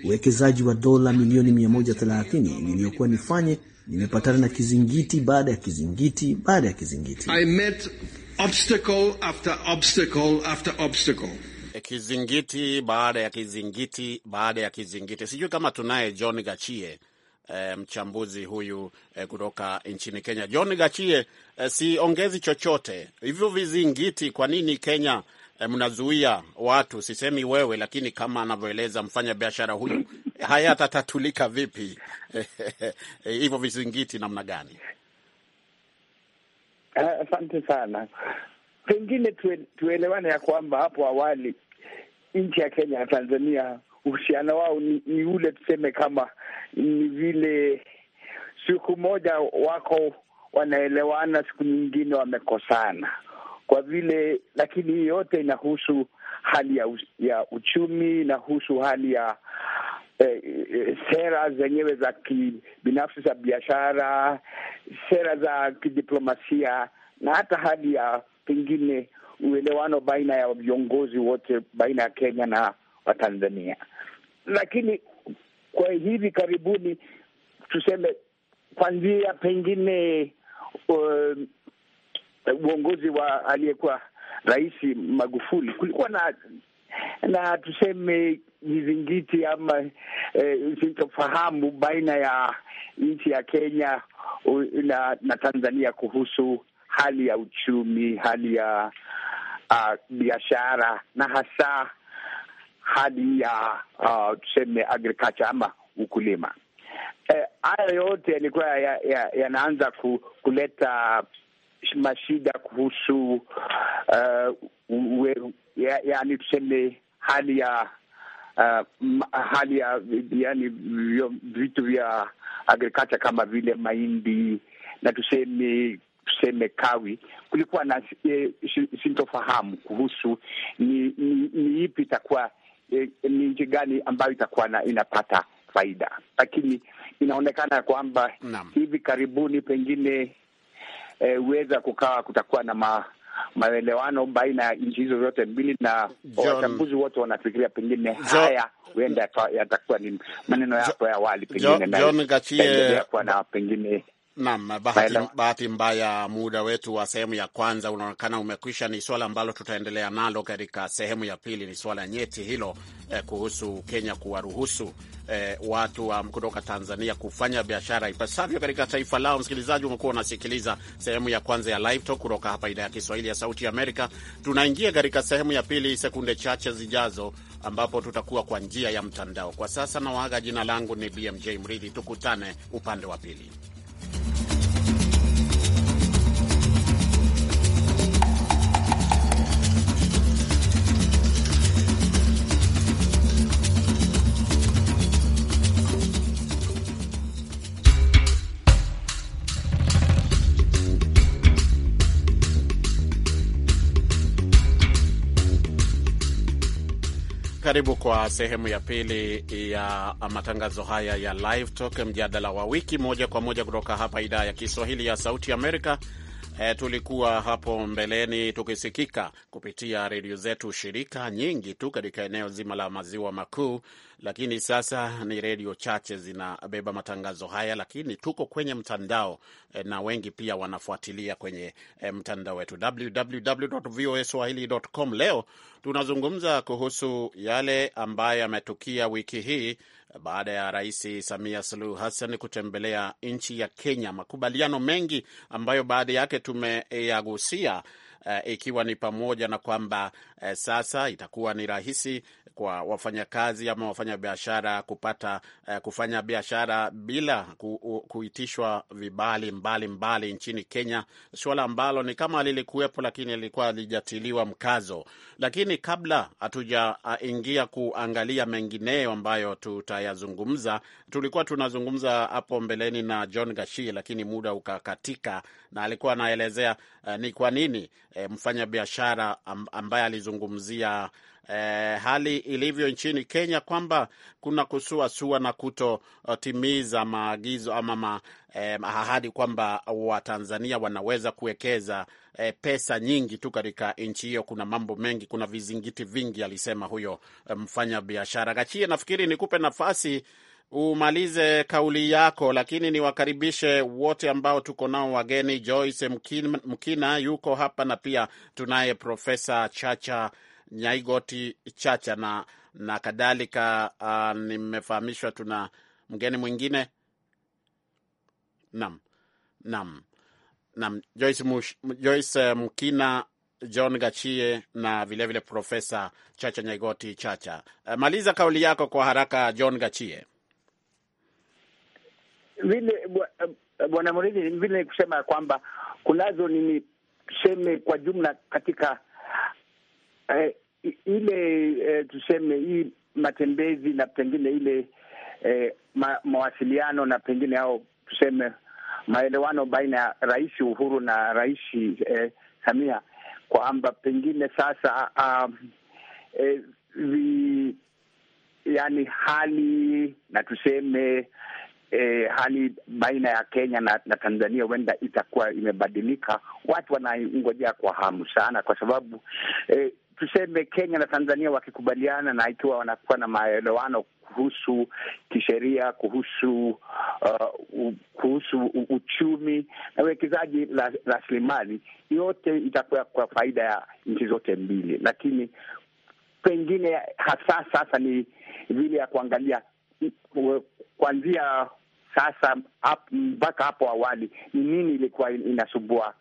Uwekezaji wa dola milioni 130 niliyokuwa nifanye, nimepatana na kizingiti baada ya kizingiti baada ya kizingiti. I met obstacle after obstacle after obstacle. E, kizingiti baada ya kizingiti baada ya kizingiti. Sijui kama tunaye John Gachie e, mchambuzi huyu e, kutoka nchini Kenya John Gachie. E, siongezi chochote. Hivyo vizingiti, kwa nini Kenya e, mnazuia watu, sisemi wewe, lakini kama anavyoeleza mfanya biashara huyu haya tatatulika vipi? hivyo vizingiti namna gani? Asante uh, sana. Pengine tuelewane ya kwamba hapo awali nchi ya Kenya na Tanzania uhusiano wao ni, ni ule tuseme, kama ni vile siku moja wako wanaelewana, siku nyingine wamekosana kwa vile, lakini hii yote inahusu hali ya, ya uchumi, inahusu hali ya eh, eh, sera zenyewe za kibinafsi za biashara, sera za kidiplomasia na hata hali ya pengine uelewano baina ya viongozi wote baina ya Kenya na wa Tanzania. Lakini kwa hivi karibuni, tuseme kwanzia pengine um, uongozi wa aliyekuwa Rais Magufuli kulikuwa na na tuseme mizingiti ama eh, sintofahamu eh, baina ya nchi ya Kenya na, na Tanzania kuhusu hali ya uchumi, hali ya uh, biashara na hasa hali ya uh, tuseme agriculture ama ukulima. Haya eh, yote yalikuwa yanaanza ya, ya ku, kuleta mashida kuhusu uh, eh, uwe, ya, tuseme hali ya uh, hali ya yani vitu vya agriculture kama vile mahindi na tuseme tuseme kawi, kulikuwa na e, sintofahamu kuhusu ni, ni, ni ipi itakuwa e, ni nchi gani ambayo itakuwa na inapata faida, lakini inaonekana kwamba hivi karibuni pengine eh, huweza e, kukawa kutakuwa na ma, maelewano baina ya nchi hizo zote mbili, na wachambuzi wote wanafikiria pengine John, haya huenda yatakuwa ni maneno yako ya awali pengine John, na, John Gachie, na pengine Naam, bahati, bahati mbaya muda wetu wa sehemu ya kwanza unaonekana umekwisha. Ni swala ambalo tutaendelea nalo katika sehemu ya pili, ni swala nyeti hilo eh, kuhusu Kenya kuwaruhusu eh, watu wa um, kutoka Tanzania kufanya biashara ipasavyo katika taifa lao. Msikilizaji, umekuwa unasikiliza sehemu ya kwanza ya Live Talk kutoka hapa idhaa ya Kiswahili ya Sauti ya Amerika. Tunaingia katika sehemu ya pili sekunde chache zijazo, ambapo tutakuwa kwa njia ya mtandao. Kwa sasa nawaaga, jina langu ni BMJ Mridhi, tukutane upande wa pili. Karibu kwa sehemu ya pili ya matangazo haya ya Live Talk, mjadala wa wiki, moja kwa moja kutoka hapa idhaa ya Kiswahili ya Sauti Amerika E, tulikuwa hapo mbeleni tukisikika kupitia redio zetu shirika nyingi tu katika eneo zima la maziwa makuu, lakini sasa ni redio chache zinabeba matangazo haya, lakini tuko kwenye mtandao e, na wengi pia wanafuatilia kwenye e, mtandao wetu www.voaswahili.com. Leo tunazungumza kuhusu yale ambayo yametukia wiki hii baada ya Rais Samia Suluhu Hassan kutembelea nchi ya Kenya. Makubaliano mengi ambayo baadhi yake tumeyagusia, eh, ikiwa ni pamoja na kwamba eh, sasa itakuwa ni rahisi kwa wafanyakazi ama wafanyabiashara kupata eh, kufanya biashara bila ku, kuitishwa vibali mbalimbali mbali nchini Kenya, suala ambalo ni kama lilikuwepo lakini lilikuwa lijatiliwa mkazo. Lakini kabla hatujaingia eh, kuangalia mengineyo ambayo tutayazungumza, tulikuwa tunazungumza hapo mbeleni na John Gashi, lakini muda ukakatika na alikuwa anaelezea eh, ni kwa nini eh, mfanyabiashara ambaye tunazungumzia eh, hali ilivyo nchini Kenya kwamba kuna kusuasua na kutotimiza maagizo ama ma, eh, ahadi kwamba Watanzania wanaweza kuwekeza eh, pesa nyingi tu katika nchi hiyo. Kuna mambo mengi, kuna vizingiti vingi, alisema huyo eh, mfanya biashara Gachie. Nafikiri nikupe nafasi umalize kauli yako, lakini niwakaribishe wote ambao tuko nao wageni. Joyce Mkina, Mkina yuko hapa na pia tunaye Profesa Chacha Nyaigoti Chacha na, na kadhalika. Uh, nimefahamishwa tuna mgeni mwingine nam nam nam Joyce, Mush, Joyce Mkina John Gachie na vilevile Profesa Chacha Nyaigoti Chacha. Uh, maliza kauli yako kwa haraka John Gachie vile eh, bwana vile ni kusema ya kwamba kunazo nini, tuseme kwa jumla katika eh, ile eh, tuseme hii matembezi na pengine ile eh, ma, mawasiliano na pengine au tuseme maelewano baina ya Rais Uhuru na Rais eh, Samia kwamba pengine sasa um, eh, vi, yani hali na tuseme eh, hali baina ya Kenya na, na Tanzania huenda itakuwa imebadilika. Watu wanaingojea kwa hamu sana, kwa sababu eh, tuseme Kenya na Tanzania wakikubaliana na ikiwa wanakuwa na maelewano kuhusu kisheria, kuhusu uh, kuhusu uchumi na uwekezaji rasilimali, yote itakuwa kwa faida ya nchi zote mbili, lakini pengine hasa sasa ni vile ya kuangalia kuanzia sasa mpaka hapo awali ni nini ilikuwa inasubua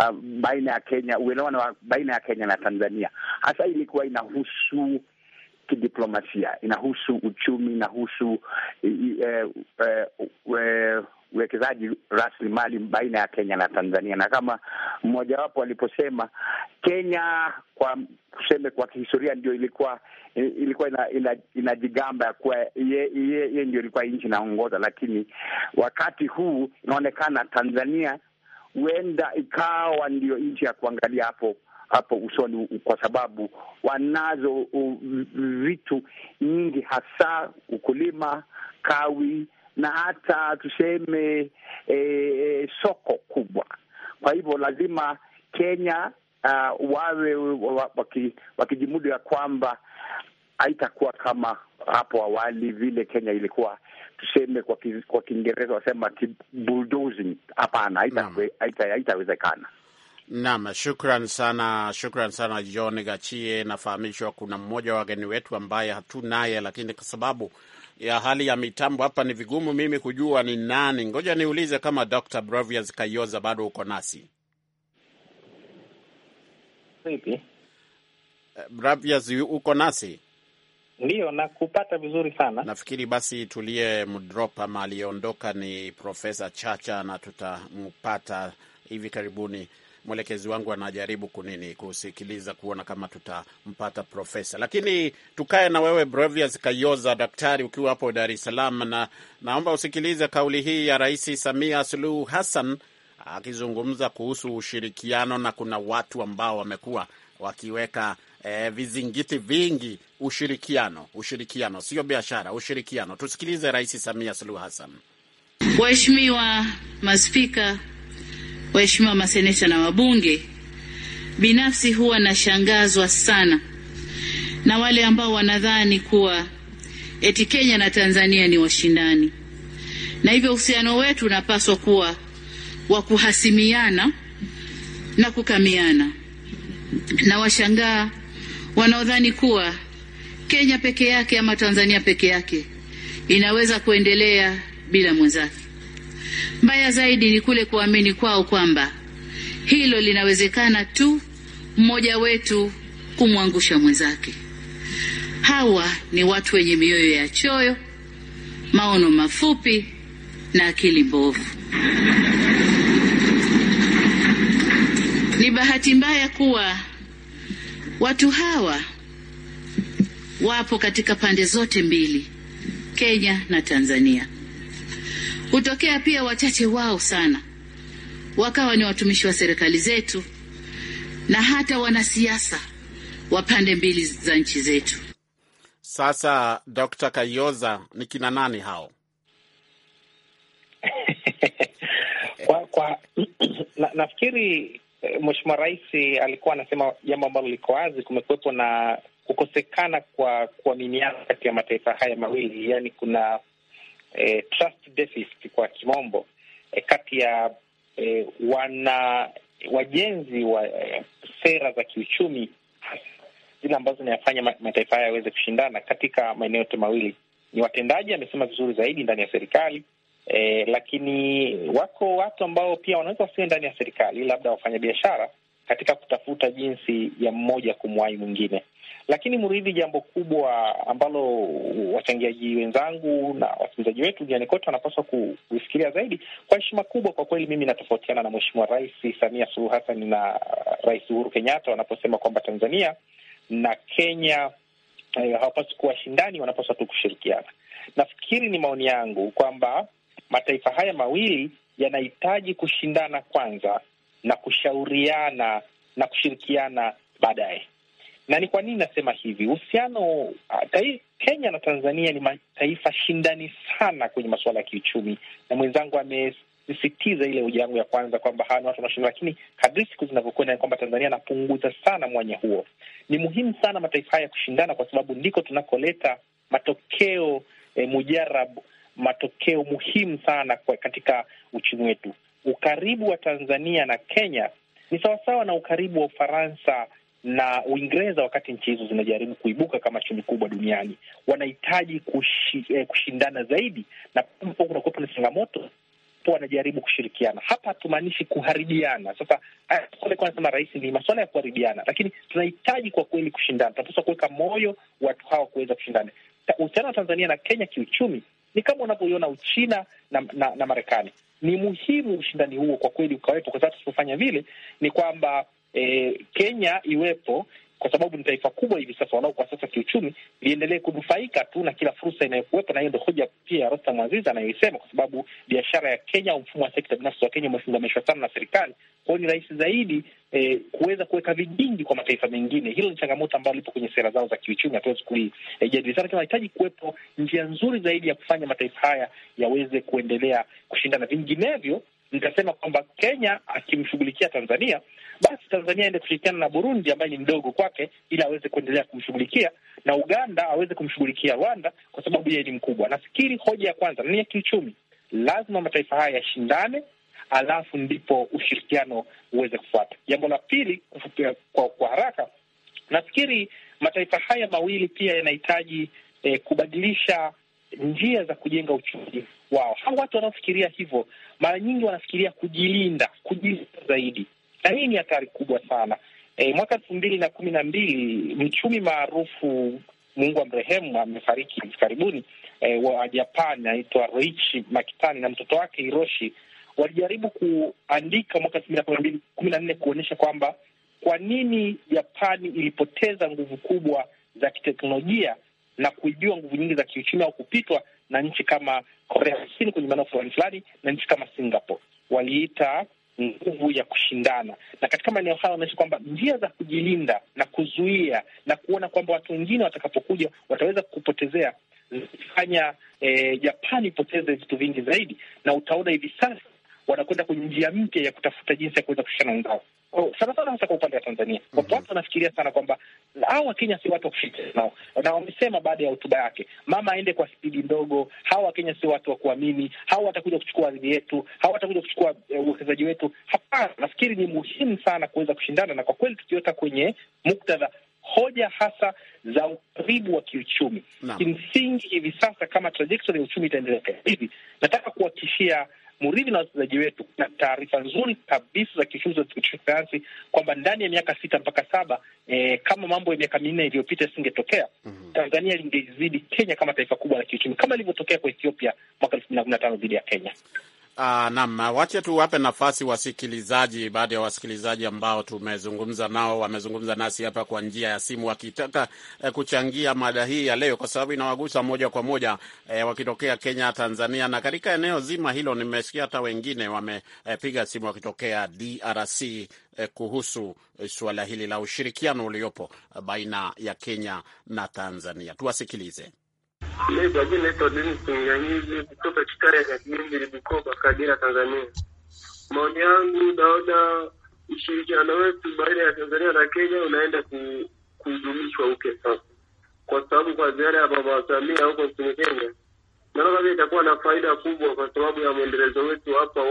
uh, baina ya Kenya, uelewano wa baina ya Kenya na Tanzania hasa ilikuwa inahusu kidiplomasia, inahusu uchumi, inahusu uh, uh, uh, uh, uwekezaji rasilimali baina ya Kenya na Tanzania, na kama mmojawapo aliposema, Kenya kwa kuseme kwa kihistoria ndio ilikuwa ilikuwa ina, ina, kuwa ye ye, ye ndio ilikuwa nchi inaongoza, lakini wakati huu inaonekana Tanzania huenda ikawa ndio nchi ya kuangalia hapo hapo usoni, kwa sababu wanazo vitu nyingi, hasa ukulima, kawi na hata tuseme e, soko kubwa. Kwa hivyo lazima Kenya uh, wawe wakijimudu waki ya kwamba haitakuwa kama hapo awali vile Kenya ilikuwa tuseme kwa ki, kwa Kiingereza wasema bulldozing. Hapana, haitawezekana. Naam, shukran sana, shukran sana John Gachie. Nafahamishwa kuna mmoja wa wageni wetu ambaye hatunaye, lakini kwa sababu ya hali ya mitambo hapa ni vigumu mimi kujua ni nani. Ngoja niulize kama Dr. Bravias Kayoza bado uko nasi. Eh, Bravias, uko nasi? Ndiyo, nakupata vizuri sana. Nafikiri basi tulie mdrop ama aliyeondoka ni Profesa Chacha na tutampata hivi karibuni mwelekezi wangu anajaribu kunini kusikiliza kuona kama tutampata profesa, lakini tukae na wewe Brevius Kayoza, daktari ukiwa hapo Dar es Salaam, na naomba usikilize kauli hii ya Rais Samia Suluhu Hassan akizungumza kuhusu ushirikiano, na kuna watu ambao wamekuwa wakiweka eh, vizingiti vingi. Ushirikiano, ushirikiano sio biashara, ushirikiano. Tusikilize Rais Samia Suluhu Hassan. Waheshimiwa Maspika Waheshimiwa maseneta na wabunge, binafsi huwa nashangazwa sana na wale ambao wanadhani kuwa eti Kenya na Tanzania ni washindani, na hivyo uhusiano wetu unapaswa kuwa wa kuhasimiana na kukamiana, na washangaa wanaodhani kuwa Kenya peke yake ama Tanzania peke yake inaweza kuendelea bila mwenzake. Mbaya zaidi ni kule kuamini kwao kwamba hilo linawezekana tu mmoja wetu kumwangusha mwenzake. Hawa ni watu wenye mioyo ya choyo, maono mafupi na akili mbovu. Ni bahati mbaya kuwa watu hawa wapo katika pande zote mbili, Kenya na Tanzania. Hutokea pia wachache wao sana wakawa ni watumishi wa serikali zetu na hata wanasiasa wa pande mbili za nchi zetu. Sasa Dr. Kayoza, ni kina nani hao? Kwa, kwa na, nafikiri eh, Mheshimiwa Rais eh, alikuwa anasema jambo ambalo liko wazi. Kumekuwepo na kukosekana kwa kuaminiana kati ya mataifa haya mawili, yaani kuna eh, trust deficit kwa kimombo eh, kati ya eh, wana wajenzi wa eh, sera za kiuchumi zile ambazo zinayafanya mataifa haya yaweze kushindana katika maeneo yote mawili. Ni watendaji amesema vizuri zaidi ndani ya serikali eh, lakini wako watu ambao pia wanaweza wasiwe ndani ya serikali, labda wafanyabiashara, katika kutafuta jinsi ya mmoja kumwahi mwingine. Lakini Muridhi, jambo kubwa ambalo wachangiaji wenzangu na wasikilizaji wetu duniani kote wanapaswa kufikiria zaidi, kwa heshima kubwa, kwa kweli mimi natofautiana na Mheshimiwa Rais Samia Suluhu Hassan na Rais Uhuru Kenyatta wanaposema kwamba Tanzania na Kenya eh, hawapaswi kuwa shindani, wanapaswa tu kushirikiana. Nafikiri ni maoni yangu kwamba mataifa haya mawili yanahitaji kushindana kwanza na kushauriana na kushirikiana baadaye. Na ni kwa nini nasema hivi? Uhusiano ah, Kenya na Tanzania ni mataifa shindani sana kwenye masuala ya kiuchumi, na mwenzangu amesisitiza ile hoja yangu ya kwanza kwamba hawa ni watu wanashindana, lakini kadri siku zinavyokwenda ni kwamba Tanzania anapunguza sana mwanya huo. Ni muhimu sana mataifa haya kushindana, kwa sababu ndiko tunakoleta matokeo eh, mujarab, matokeo muhimu sana kwa katika uchumi wetu. Ukaribu wa Tanzania na Kenya ni sawasawa na ukaribu wa Ufaransa na Uingereza, wakati nchi hizo zinajaribu kuibuka kama chumi kubwa duniani, wanahitaji kushi, eh, kushindana zaidi, na kunakuwepo na changamoto wanajaribu kushirikiana. Hapa hatumaanishi kuharibiana. Sasa eh, anasema rais, ni masuala ya kuharibiana, lakini tunahitaji kwa kweli kushindana. Tunapaswa kuweka moyo watu hawa kuweza kushindana. Uhusiano wa Tanzania na Kenya kiuchumi ni kama unavyoiona Uchina na, na, na Marekani. Ni muhimu ushindani huo kwa kweli ukawepo, kwa sababu tusipofanya vile ni kwamba eh, Kenya iwepo kwa sababu ni taifa kubwa hivi sasa walau kwa sasa kiuchumi, liendelee kunufaika tu na kila fursa inayokuwepo. Na hiyo ndio hoja pia ya Rostam Aziz anayoisema, kwa sababu biashara ya Kenya au mfumo wa sekta binafsi wa Kenya umefungamishwa sana na serikali. Kwa ni rahisi zaidi eh, kuweza kuweka vigingi kwa mataifa mengine. Hilo ni changamoto ambayo lipo kwenye sera zao za kiuchumi, hatuwezi kuijadili eh, sana. Tunahitaji kuwepo njia nzuri zaidi ya kufanya mataifa haya yaweze kuendelea kushindana, vinginevyo nikasema kwamba Kenya akimshughulikia Tanzania, basi Tanzania aende kushirikiana na Burundi ambaye ni mdogo kwake, ili aweze kuendelea kumshughulikia na Uganda aweze kumshughulikia Rwanda kwa sababu yeye ni mkubwa. Nafikiri hoja ya kwanza ni ya kiuchumi, lazima mataifa haya yashindane, alafu ndipo ushirikiano uweze kufuata. Jambo la pili, kwa, kwa haraka, nafikiri mataifa haya mawili pia yanahitaji eh, kubadilisha njia za kujenga uchumi wao. Hao watu wanaofikiria hivyo mara nyingi wanafikiria kujilinda, kujilinda zaidi, na hii ni hatari kubwa sana. E, mwaka elfu mbili na kumi na mbili mchumi maarufu Mungu wa mrehemu amefariki hivi karibuni, e, wa japan anaitwa Roichi Makitani na mtoto wake Hiroshi walijaribu kuandika mwaka elfu mbili na kumi na nne kuonyesha kwamba kwa nini Japani ilipoteza nguvu kubwa za kiteknolojia na kuibiwa nguvu nyingi za kiuchumi au kupitwa na nchi kama Korea Kusini kwenye maeneo fulani fulani na nchi kama Singapore waliita nguvu ya kushindana. Na katika maeneo hayo wanaonyesha kwamba njia za kujilinda na kuzuia na kuona kwamba watu wengine watakapokuja wataweza kupotezea zikifanya eh, Japani ipoteze vitu vingi zaidi, na utaona hivi sasa wanakwenda kwenye njia mpya ya kutafuta jinsi ya kuweza kushindana wenzao sana sana hasa kwa upande wa Tanzania mm -hmm. Watu wanafikiria sana kwamba hawa Wakenya si watu wa nao, na wamesema baada ya hotuba yake, mama aende kwa spidi ndogo, hawa Wakenya si watu wa kuamini, hawa watakuja kuchukua ardhi yetu, hawa watakuja kuchukua eh, uwekezaji uh, wetu. Hapana, nafikiri ni muhimu sana kuweza kushindana, na kwa kweli tukiweka kwenye muktadha hoja hasa za ukaribu wa kiuchumi, kimsingi hivi sasa kama trajectory ya uchumi itaendelea hivi, nataka kuhakikishia Muridhi na wachezaji wetu, na taarifa nzuri kabisa za kiuchumi za kisayansi kwamba ndani ya miaka sita mpaka saba e, kama mambo ya miaka minne iliyopita isingetokea mm -hmm. Tanzania lingezidi Kenya kama taifa kubwa la kiuchumi kama ilivyotokea kwa Ethiopia mwaka elfu mbili na kumi na tano dhidi ya Kenya. Uh, ah, nam wache tuwape nafasi wasikilizaji, baadhi ya wasikilizaji ambao tumezungumza nao wamezungumza nasi hapa kwa njia ya simu wakitaka eh, kuchangia mada hii ya leo, kwa sababu inawagusa moja kwa moja eh, wakitokea Kenya, Tanzania na katika eneo zima hilo. Nimesikia hata wengine wamepiga eh, simu wakitokea DRC eh, kuhusu eh, suala hili la ushirikiano uliopo eh, baina ya Kenya na Tanzania. Tuwasikilize. Mimi naitwa Denis Kinyanyizi kutoka Kitare ya Kijiji Bukoba, Kagera, Tanzania. Maoni yangu naona ushirikiano wetu baina ya Tanzania na Kenya unaenda kuidumishwa uke sasa, kwa sababu kwa ziara ya Baba Samia huko nchini Kenya naona kama itakuwa na faida kubwa, kwa sababu ya mwendelezo wetu hapa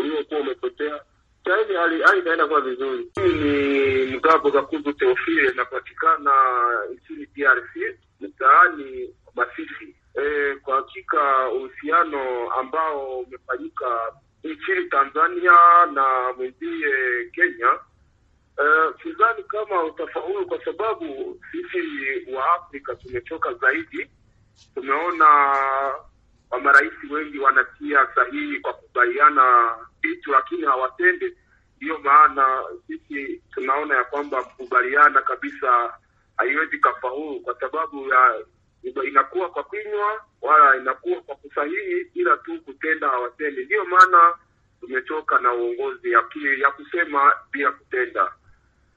uliokuwa umepotea. Sahivi hali itaenda kuwa vizuri. Hii ni Mgabo Kakuzu Teofile, inapatikana nchini DRC mtaani Masisi. E, kwa hakika uhusiano ambao umefanyika nchini Tanzania na mwenzie Kenya e, sidhani kama utafaulu, kwa sababu sisi wa Afrika tumechoka zaidi. Tumeona marais wengi wanatia sahihi kwa kubaiana vitu, lakini hawatende. Ndiyo maana sisi tunaona ya kwamba kukubaliana kabisa haiwezi kafaulu kwa sababu ya inakuwa kwa kinywa wala inakuwa kwa kusahihi, ila tu kutenda hawasemi. Ndiyo maana tumechoka na uongozi ya, ya kusema bila kutenda.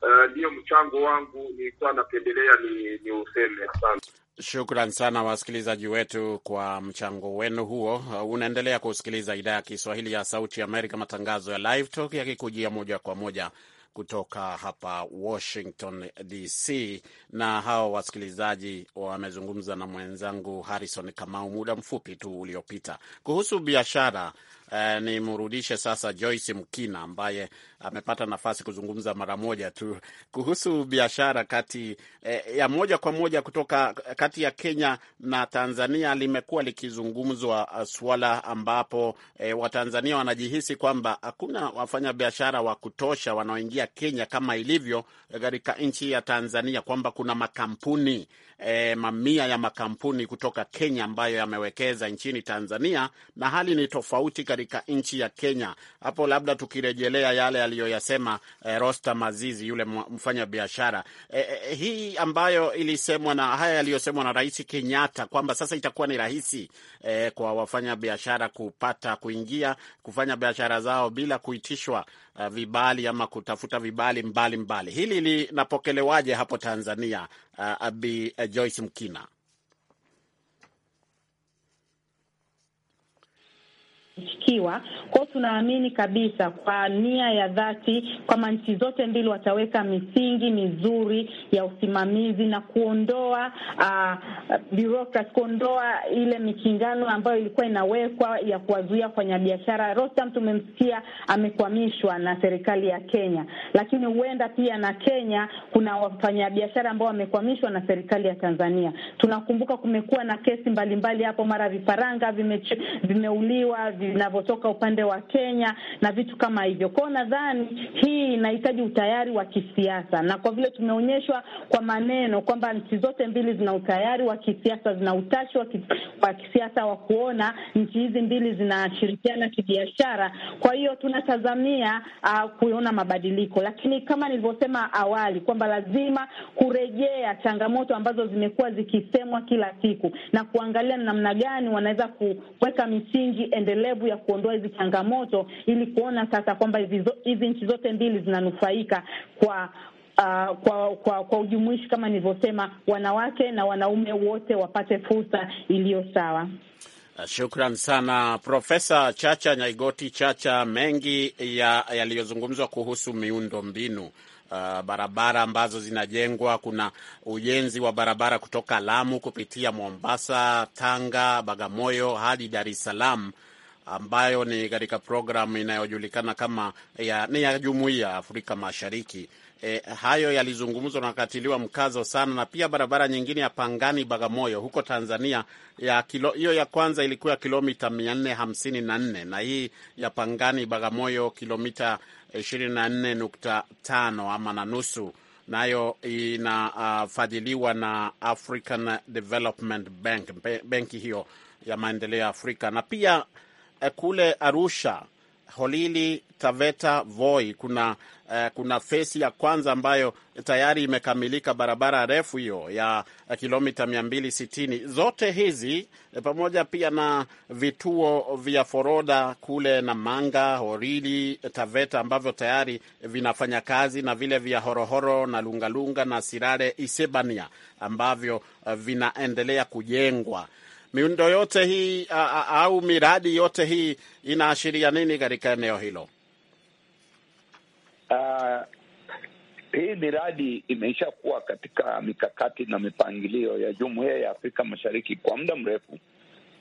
Uh, eh, ndiyo mchango wangu nilikuwa napendelea ni, ni useme. Asante. Shukran sana wasikilizaji wetu kwa mchango wenu huo. Uh, unaendelea kusikiliza idhaa ya Kiswahili ya Sauti ya Amerika, matangazo ya Live Talk yakikujia moja kwa moja kutoka hapa Washington DC. Na hawa wasikilizaji wamezungumza na mwenzangu Harrison Kamau muda mfupi tu uliopita kuhusu biashara eh, nimrudishe sasa Joyce Mkina ambaye amepata nafasi kuzungumza mara moja tu kuhusu biashara kati eh, ya moja kwa moja kutoka kati ya Kenya na Tanzania. Limekuwa likizungumzwa eh, suala ambapo eh, Watanzania wanajihisi kwamba hakuna wafanya biashara wa kutosha wanaoingia Kenya kama ilivyo katika nchi ya Tanzania, kwamba kuna makampuni eh, mamia ya makampuni kutoka Kenya ambayo yamewekeza nchini Tanzania, na hali ni tofauti katika nchi ya Kenya. Hapo labda tukirejelea yale aliyoyasema eh, Rosta Mazizi, yule mfanya biashara eh, eh, hii ambayo ilisemwa na haya yaliyosemwa na Rais Kenyatta kwamba sasa itakuwa ni rahisi eh, kwa wafanya biashara kupata kuingia kufanya biashara zao bila kuitishwa uh, vibali ama kutafuta vibali mbalimbali mbali. Hili linapokelewaje hapo Tanzania, uh, eh, Abi uh, eh, Joyce Mkina? shikiwa kwao. Tunaamini kabisa kwa nia ya dhati kwamba nchi zote mbili wataweka misingi mizuri ya usimamizi na kuondoa uh, bureaucracy, kuondoa ile mikingano ambayo ilikuwa inawekwa ya kuwazuia wafanyabiashara. Rostam tumemsikia amekwamishwa na serikali ya Kenya, lakini huenda pia na Kenya kuna wafanyabiashara ambao wamekwamishwa na serikali ya Tanzania. Tunakumbuka kumekuwa na kesi mbalimbali mbali hapo, mara vifaranga vime, vimeuliwa vinavyotoka upande wa Kenya na vitu kama hivyo. Kwao nadhani hii inahitaji utayari wa kisiasa, na kwa vile tumeonyeshwa kwa maneno kwamba nchi zote mbili zina utayari wa kisiasa, zina utashi wa kisiasa wa kuona nchi hizi mbili zinashirikiana kibiashara. Kwa hiyo tunatazamia uh, kuona mabadiliko, lakini kama nilivyosema awali kwamba lazima kurejea changamoto ambazo zimekuwa zikisemwa kila siku na kuangalia namna gani wanaweza kuweka misingi endelevu hebu ya kuondoa hizi changamoto ili kuona sasa kwamba hizi nchi zote mbili zinanufaika kwa Uh, kwa kwa kwa ujumuishi kama nilivyosema, wanawake na wanaume wote wapate fursa iliyo sawa. Ah, shukran sana Profesa Chacha Nyaigoti Chacha. Mengi yaliyozungumzwa kuhusu miundo mbinu Uh, barabara ambazo zinajengwa. Kuna ujenzi wa barabara kutoka Lamu kupitia Mombasa, Tanga, Bagamoyo hadi Dar es Salaam ambayo ni katika programu inayojulikana kama ya, ni ya Jumuiya ya Afrika Mashariki. E, hayo yalizungumzwa na katiliwa mkazo sana, na pia barabara nyingine ya Pangani Bagamoyo huko Tanzania ya kilo hiyo ya kwanza ilikuwa ya kilomita 454 na hii ya Pangani Bagamoyo kilomita 24.5 ama na nusu, nayo inafadhiliwa na African Development Bank, benki hiyo ya maendeleo ya Afrika na pia Eh, kule Arusha, Holili Taveta Voi, kuna eh, kuna fesi ya kwanza ambayo tayari imekamilika, barabara refu hiyo ya eh, kilomita 260. Zote hizi eh, pamoja pia na vituo vya foroda kule Namanga, Holili Taveta ambavyo tayari vinafanya kazi na vile vya Horohoro na Lungalunga na Sirare Isebania ambavyo vinaendelea kujengwa Miundo yote hii a, a, au miradi yote hii inaashiria nini katika eneo hilo? Uh, hii miradi imeisha kuwa katika mikakati na mipangilio ya Jumuiya ya Afrika Mashariki kwa muda mrefu.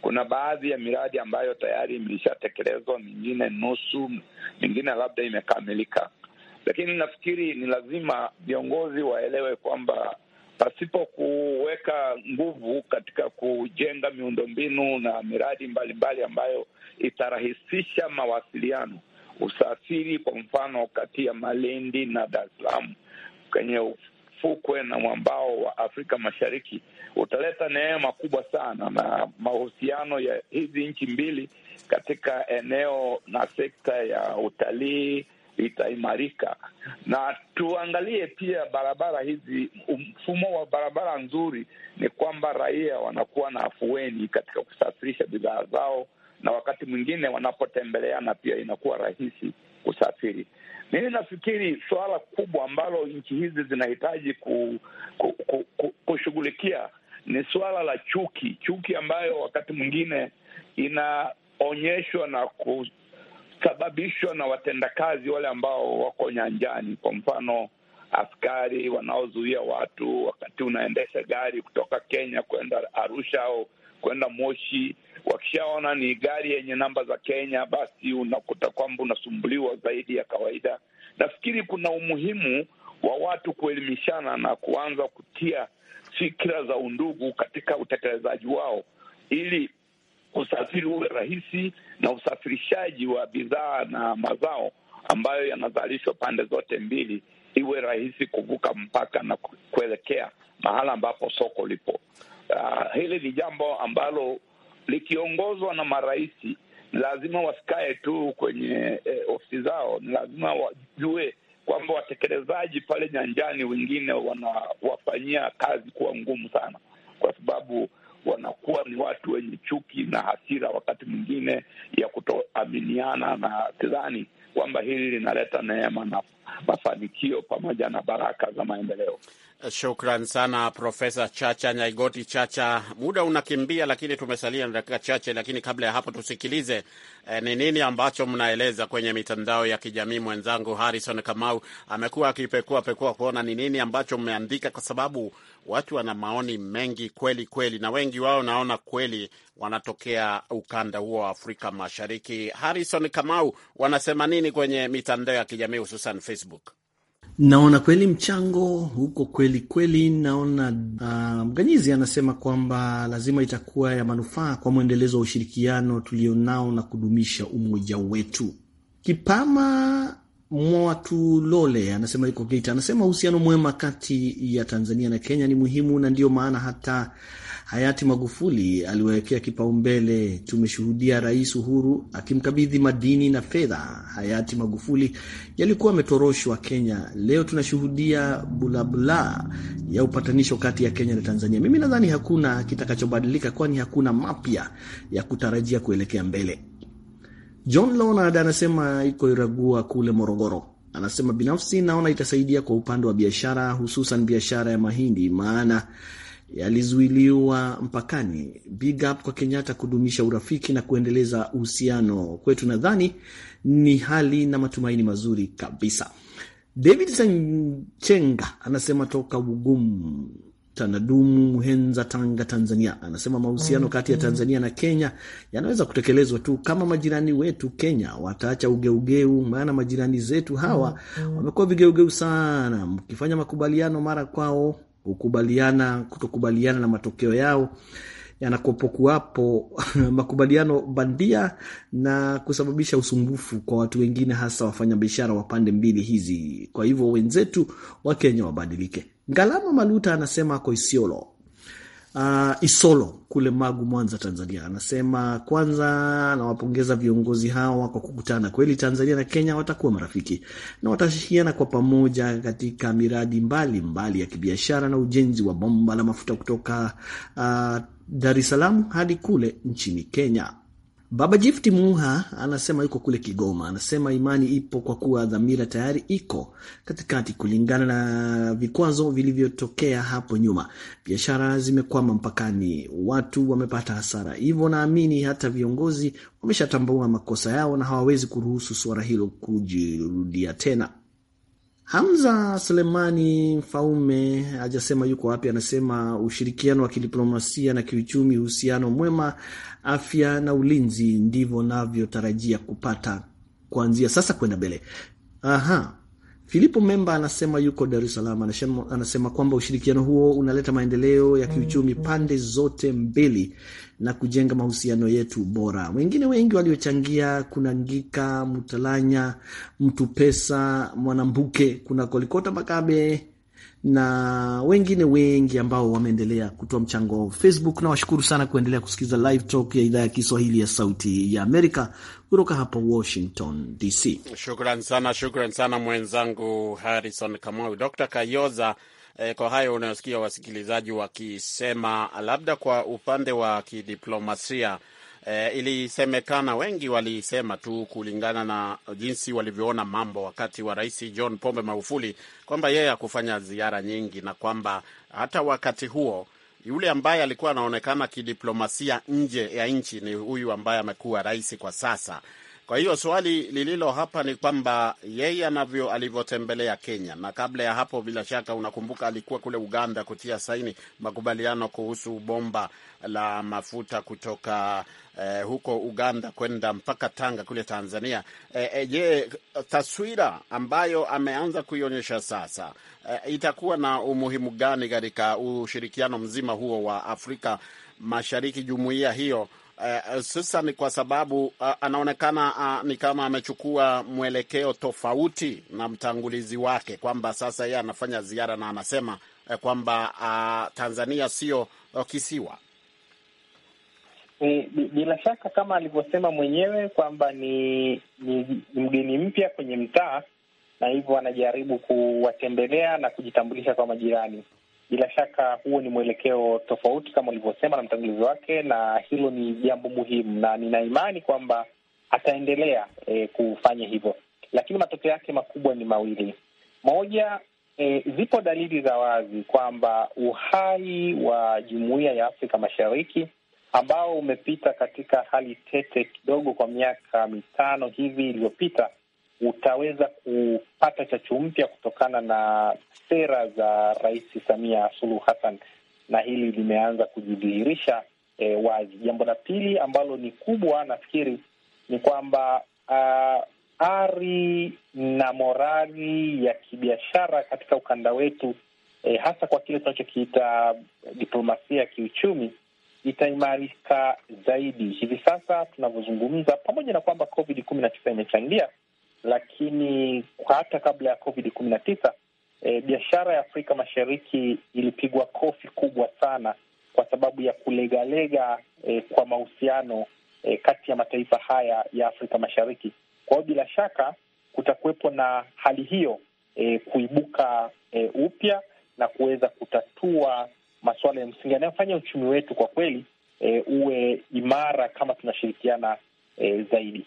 Kuna baadhi ya miradi ambayo tayari imeishatekelezwa, mingine nusu, mingine labda imekamilika, lakini nafikiri ni lazima viongozi waelewe kwamba pasipo kuweka nguvu katika kujenga miundombinu na miradi mbalimbali mbali ambayo itarahisisha mawasiliano, usafiri, kwa mfano kati ya Malindi na Dar es Salaam kwenye ufukwe na mwambao wa Afrika Mashariki utaleta neema kubwa sana, na mahusiano ya hizi nchi mbili katika eneo na sekta ya utalii itaimarika. Na tuangalie pia barabara hizi, mfumo wa barabara nzuri ni kwamba raia wanakuwa na afueni katika kusafirisha bidhaa zao, na wakati mwingine wanapotembeleana pia inakuwa rahisi kusafiri. Mimi nafikiri suala kubwa ambalo nchi hizi zinahitaji ku, ku, ku, ku, kushughulikia ni suala la chuki, chuki ambayo wakati mwingine inaonyeshwa na ku kusababishwa na watendakazi wale ambao wako nyanjani, kwa mfano askari wanaozuia watu wakati unaendesha gari kutoka Kenya kwenda Arusha au kwenda Moshi. Wakishaona ni gari yenye namba za Kenya, basi unakuta kwamba unasumbuliwa zaidi ya kawaida. Nafikiri kuna umuhimu wa watu kuelimishana na kuanza kutia fikira za undugu katika utekelezaji wao ili usafiri uwe rahisi na usafirishaji wa bidhaa na mazao ambayo yanazalishwa pande zote mbili iwe rahisi kuvuka mpaka na kuelekea mahala ambapo soko lipo. Uh, hili ni jambo ambalo likiongozwa na marais lazima wasikae tu kwenye eh, ofisi zao. Ni lazima wajue kwamba watekelezaji pale nyanjani wengine wanawafanyia kazi kuwa ngumu sana, kwa sababu wanakuwa ni watu wenye chuki na hasira wakati mwingine ya kutoaminiana, na sidhani kwamba hili linaleta neema na mafanikio pamoja na baraka za maendeleo. Shukran sana Profesa Chacha Nyaigoti Chacha. Muda unakimbia, lakini tumesalia na dakika chache, lakini kabla ya hapo tusikilize eh, ni nini ambacho mnaeleza kwenye mitandao ya kijamii. Mwenzangu Harrison Kamau amekuwa akipekua pekua kuona ni nini ambacho mmeandika, kwa sababu watu wana maoni mengi kweli kweli, na wengi wao naona kweli wanatokea ukanda huo wa Afrika Mashariki. Harrison Kamau, wanasema nini kwenye mitandao ya kijamii hususan Facebook? Naona kweli mchango huko kweli kweli. Naona uh, ah, Mganyizi anasema kwamba lazima itakuwa ya manufaa kwa mwendelezo wa ushirikiano tulionao na kudumisha umoja wetu. Kipama Mwatulole anasema yuko Geita, anasema uhusiano mwema kati ya Tanzania na Kenya ni muhimu na ndiyo maana hata hayati Magufuli aliwawekea kipaumbele. Tumeshuhudia Rais Uhuru akimkabidhi madini na fedha hayati Magufuli yalikuwa ametoroshwa Kenya. Leo tunashuhudia bulabula ya upatanisho kati ya Kenya na Tanzania. Mimi nadhani hakuna kitakachobadilika, kwani hakuna mapya ya kutarajia kuelekea mbele. John Leonard anasema iko Iragua kule Morogoro. Anasema binafsi naona itasaidia kwa upande wa biashara, hususan biashara ya mahindi, maana yalizuiliwa mpakani. Big up kwa Kenyatta kudumisha urafiki na kuendeleza uhusiano kwetu, nadhani ni hali na matumaini mazuri kabisa. David Sanchenga anasema toka Bugum Tanadumu, Henza, Tanga, Tanzania, anasema mahusiano kati ya Tanzania na Kenya yanaweza kutekelezwa tu kama majirani wetu Kenya wataacha ugeugeu, maana majirani zetu hawa mm, mm. wamekuwa vigeugeu sana, mkifanya makubaliano mara kwao kukubaliana, kutokubaliana na matokeo yao yanakopokuwapo makubaliano bandia na kusababisha usumbufu kwa watu wengine, hasa wafanyabiashara wa pande mbili hizi. Kwa hivyo wenzetu wa Kenya wabadilike. Ngalama Maluta anasema isiolo Uh, Isolo kule Magu, Mwanza, Tanzania, anasema kwanza nawapongeza viongozi hawa kwa kukutana. Kweli Tanzania na Kenya watakuwa marafiki na watashikiana kwa pamoja katika miradi mbalimbali mbali ya kibiashara na ujenzi wa bomba la mafuta kutoka uh, Dar es Salaam hadi kule nchini Kenya. Baba jifti Muha anasema yuko kule Kigoma, anasema imani ipo kwa kuwa dhamira tayari iko katikati kulingana na vikwazo vilivyotokea hapo nyuma. Biashara zimekwama mpakani, watu wamepata hasara, hivyo naamini hata viongozi wameshatambua makosa yao na hawawezi kuruhusu suala hilo kujirudia tena. Hamza Selemani Mfaume hajasema yuko wapi. Anasema ushirikiano wa kidiplomasia na kiuchumi, uhusiano mwema, afya na ulinzi, ndivyo navyotarajia kupata kuanzia sasa kwenda mbele. Aha, Filipo Memba anasema yuko Dar es Salaam. Anasema, anasema kwamba ushirikiano huo unaleta maendeleo ya kiuchumi pande zote mbili na kujenga mahusiano yetu bora. Wengine wengi waliochangia kuna Ngika Mutalanya, Mtu Pesa, Mwanambuke, kuna Kolikota Makabe na wengine wengi ambao wameendelea kutoa mchango wao Facebook. Na washukuru sana kuendelea kusikiliza Live Talk ya idhaa ya Kiswahili ya Sauti ya Amerika kutoka hapa Washington DC. Shukran sana, shukran sana mwenzangu Harrison Kamau, Dr. Kayoza. E, kwa hayo unayosikia wasikilizaji wakisema, labda kwa upande wa kidiplomasia eh, ilisemekana, wengi walisema tu kulingana na jinsi walivyoona mambo wakati wa Rais John Pombe Magufuli kwamba yeye hakufanya ziara nyingi na kwamba hata wakati huo yule ambaye alikuwa anaonekana kidiplomasia nje ya nchi ni huyu ambaye amekuwa rais kwa sasa, kwa hiyo swali lililo hapa ni kwamba yeye anavyo alivyotembelea Kenya, na kabla ya hapo, bila shaka unakumbuka alikuwa kule Uganda kutia saini makubaliano kuhusu bomba la mafuta kutoka eh, huko Uganda kwenda mpaka Tanga kule Tanzania. Je, eh, eh, je, taswira ambayo ameanza kuionyesha sasa eh, itakuwa na umuhimu gani katika ushirikiano mzima huo wa Afrika Mashariki, jumuiya hiyo uh, kwa sababu uh, anaonekana uh, ni kama amechukua mwelekeo tofauti na mtangulizi wake, kwamba sasa yeye anafanya ziara na anasema uh, kwamba uh, Tanzania sio uh, kisiwa. Bila shaka kama alivyosema mwenyewe kwamba ni, ni mgeni mpya kwenye mtaa na hivyo anajaribu kuwatembelea na kujitambulisha kwa majirani. Bila shaka huo ni mwelekeo tofauti kama ulivyosema na mtangulizi wake, na hilo ni jambo muhimu, na nina imani kwamba ataendelea e, kufanya hivyo, lakini matokeo yake makubwa ni mawili. Moja, e, zipo dalili za wazi kwamba uhai wa jumuiya ya Afrika Mashariki ambao umepita katika hali tete kidogo kwa miaka mitano hivi iliyopita utaweza kupata chachu mpya kutokana na sera za Rais Samia Suluhu Hassan, na hili limeanza kujidhihirisha e, wazi. Jambo la pili ambalo ni kubwa nafikiri ni kwamba uh, ari na morali ya kibiashara katika ukanda wetu e, hasa kwa kile tunachokiita diplomasia ya kiuchumi itaimarika zaidi. Hivi sasa tunavyozungumza, pamoja na kwamba COVID kumi na tisa imechangia lakini hata kabla ya covid kumi na tisa e, eh, biashara ya Afrika Mashariki ilipigwa kofi kubwa sana kwa sababu ya kulegalega e, kwa mahusiano e, kati ya mataifa haya ya Afrika Mashariki. Kwa hiyo bila shaka kutakuwepo na hali hiyo e, kuibuka e, upya na kuweza kutatua masuala ya msingi yanayofanya uchumi wetu kwa kweli e, uwe imara kama tunashirikiana e, zaidi.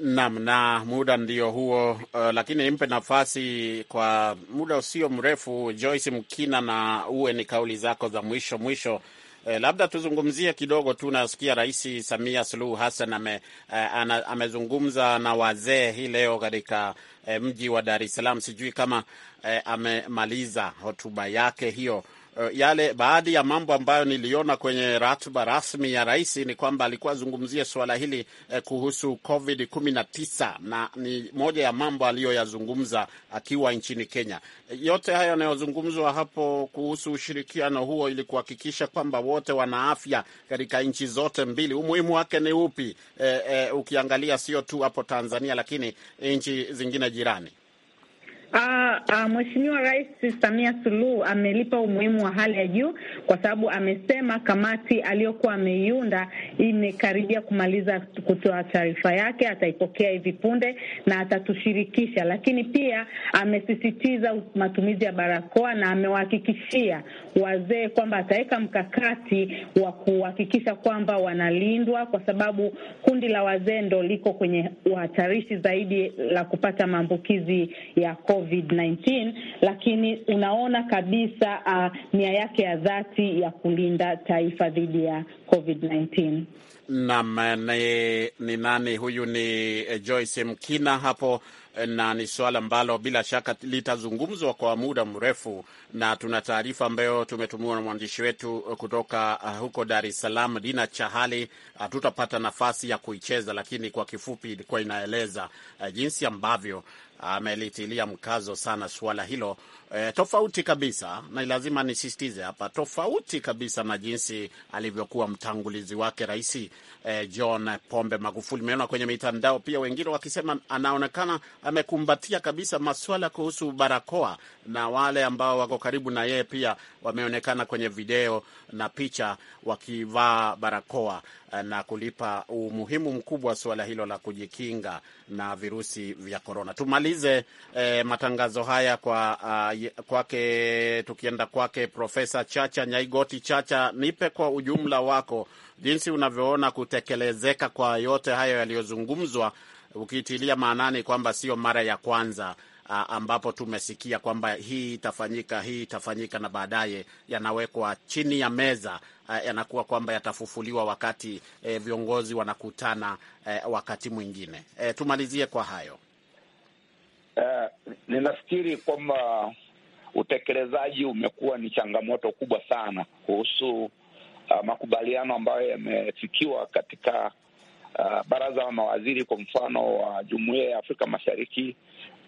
Naam, na muda ndio huo uh, lakini nimpe nafasi kwa muda usio mrefu Joyce Mkina, na uwe ni kauli zako za mwisho mwisho. Eh, labda tuzungumzie kidogo tu, nasikia Rais Samia Suluhu Hassan ame, eh, ana, amezungumza na wazee hii leo katika eh, mji wa Dar es Salaam. Sijui kama eh, amemaliza hotuba yake hiyo Eh, yale baadhi ya mambo ambayo niliona kwenye ratiba rasmi ya rais ni kwamba alikuwa azungumzia suala hili eh, kuhusu COVID 19 na ni moja ya mambo aliyoyazungumza akiwa nchini Kenya. Eh, yote hayo yanayozungumzwa hapo kuhusu ushirikiano huo ili kuhakikisha kwamba wote wana afya katika nchi zote mbili, umuhimu wake ni upi? Eh, eh, ukiangalia sio tu hapo Tanzania, lakini nchi zingine jirani Uh, uh, Mheshimiwa Rais Samia Suluhu amelipa umuhimu wa hali ya juu kwa sababu amesema kamati aliyokuwa ameiunda imekaribia kumaliza kutoa taarifa yake, ataipokea hivi punde na atatushirikisha. Lakini pia amesisitiza matumizi ya barakoa na amewahakikishia wazee kwamba ataweka mkakati wa kuhakikisha kwamba wanalindwa, kwa sababu kundi la wazee ndo liko kwenye hatarishi zaidi la kupata maambukizi ya COVID. COVID-19, lakini unaona kabisa uh, nia yake ya dhati ya kulinda taifa dhidi ya COVID-19. Naam, ni, ni nani huyu? Ni eh, Joyce Mkina hapo, eh, na ni suala ambalo bila shaka litazungumzwa kwa muda mrefu, na tuna taarifa ambayo tumetumiwa na mwandishi wetu eh, kutoka huko Dar es Salaam, Dina Chahali. Hatutapata nafasi ya kuicheza, lakini kwa kifupi ilikuwa inaeleza jinsi ambavyo amelitilia mkazo sana suala hilo eh, tofauti kabisa na lazima nisisitize hapa, tofauti kabisa na jinsi alivyokuwa mtangulizi wake Rais eh, John Pombe Magufuli. Umeona kwenye mitandao pia wengine wakisema anaonekana amekumbatia kabisa maswala kuhusu barakoa, na wale ambao wako karibu na yeye pia wameonekana kwenye video na picha wakivaa barakoa eh, na kulipa umuhimu mkubwa suala hilo la kujikinga na virusi vya korona. Tumalize eh, matangazo haya kwa uh, kwake, tukienda kwake Profesa Chacha Nyaigoti Chacha, nipe kwa ujumla wako jinsi unavyoona kutekelezeka kwa yote hayo yaliyozungumzwa, ukiitilia maanani kwamba sio mara ya kwanza a, ambapo tumesikia kwamba hii itafanyika, hii itafanyika na baadaye yanawekwa chini ya meza yanakuwa kwamba yatafufuliwa wakati e, viongozi wanakutana e, wakati mwingine e, tumalizie kwa hayo. Uh, ninafikiri kwamba utekelezaji umekuwa ni changamoto kubwa sana kuhusu uh, makubaliano ambayo yamefikiwa katika uh, baraza la mawaziri kwa mfano wa uh, jumuiya ya Afrika Mashariki.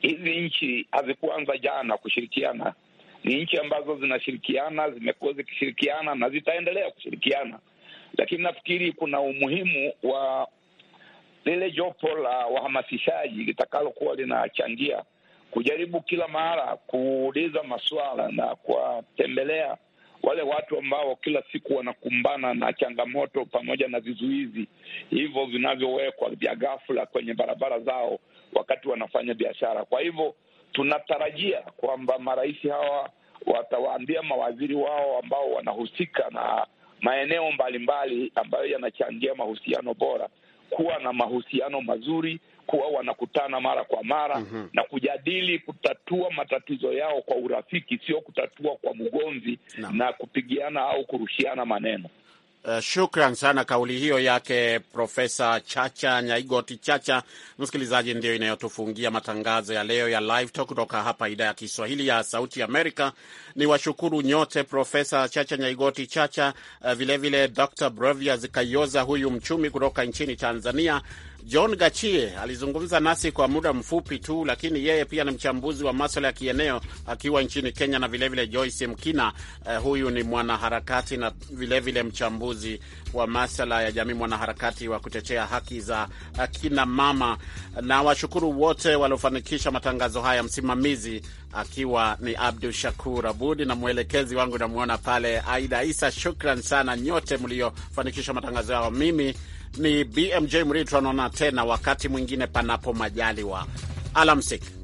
Hizi nchi hazikuanza jana kushirikiana, ni nchi ambazo zinashirikiana, zimekuwa zikishirikiana na zitaendelea kushirikiana, lakini nafikiri kuna umuhimu wa lile jopo la wahamasishaji litakalokuwa linachangia kujaribu kila mara kuuliza maswala na kuwatembelea wale watu ambao kila siku wanakumbana na changamoto pamoja na vizuizi hivyo vinavyowekwa vya ghafla kwenye barabara zao wakati wanafanya biashara. Kwa hivyo tunatarajia kwamba marais hawa watawaambia mawaziri wao ambao wanahusika na maeneo mbalimbali ambayo yanachangia mahusiano bora, kuwa na mahusiano mazuri kuwa wanakutana mara kwa mara mm -hmm. na kujadili kutatua matatizo yao kwa urafiki, sio kutatua kwa mgomvi na, na kupigiana au kurushiana maneno. Uh, shukran sana kauli hiyo yake Profesa Chacha Nyaigoti Chacha. Msikilizaji, ndiyo inayotufungia matangazo ya leo ya Live Talk kutoka hapa idhaa ya Kiswahili ya Sauti Amerika. Ni washukuru nyote, Profesa Chacha Nyaigoti Chacha, vilevile uh, vile Dr. Brevias Kayoza, huyu mchumi kutoka nchini Tanzania, John Gachie alizungumza nasi kwa muda mfupi tu, lakini yeye pia ni mchambuzi wa maswala ya kieneo akiwa nchini Kenya, na vilevile vile Joyce Mkina. eh, huyu ni mwanaharakati na vilevile vile mchambuzi wa maswala ya jamii, mwanaharakati wa kutetea haki za akina mama. Na washukuru wote waliofanikisha matangazo haya, msimamizi akiwa ni Abdu Shakur Abudi na mwelekezi wangu namwona pale Aida Isa. Shukran sana nyote mliofanikisha matangazo yao. Mimi ni BMJ Mritu, anaona tena wakati mwingine, panapo majaliwa. Alamsiki.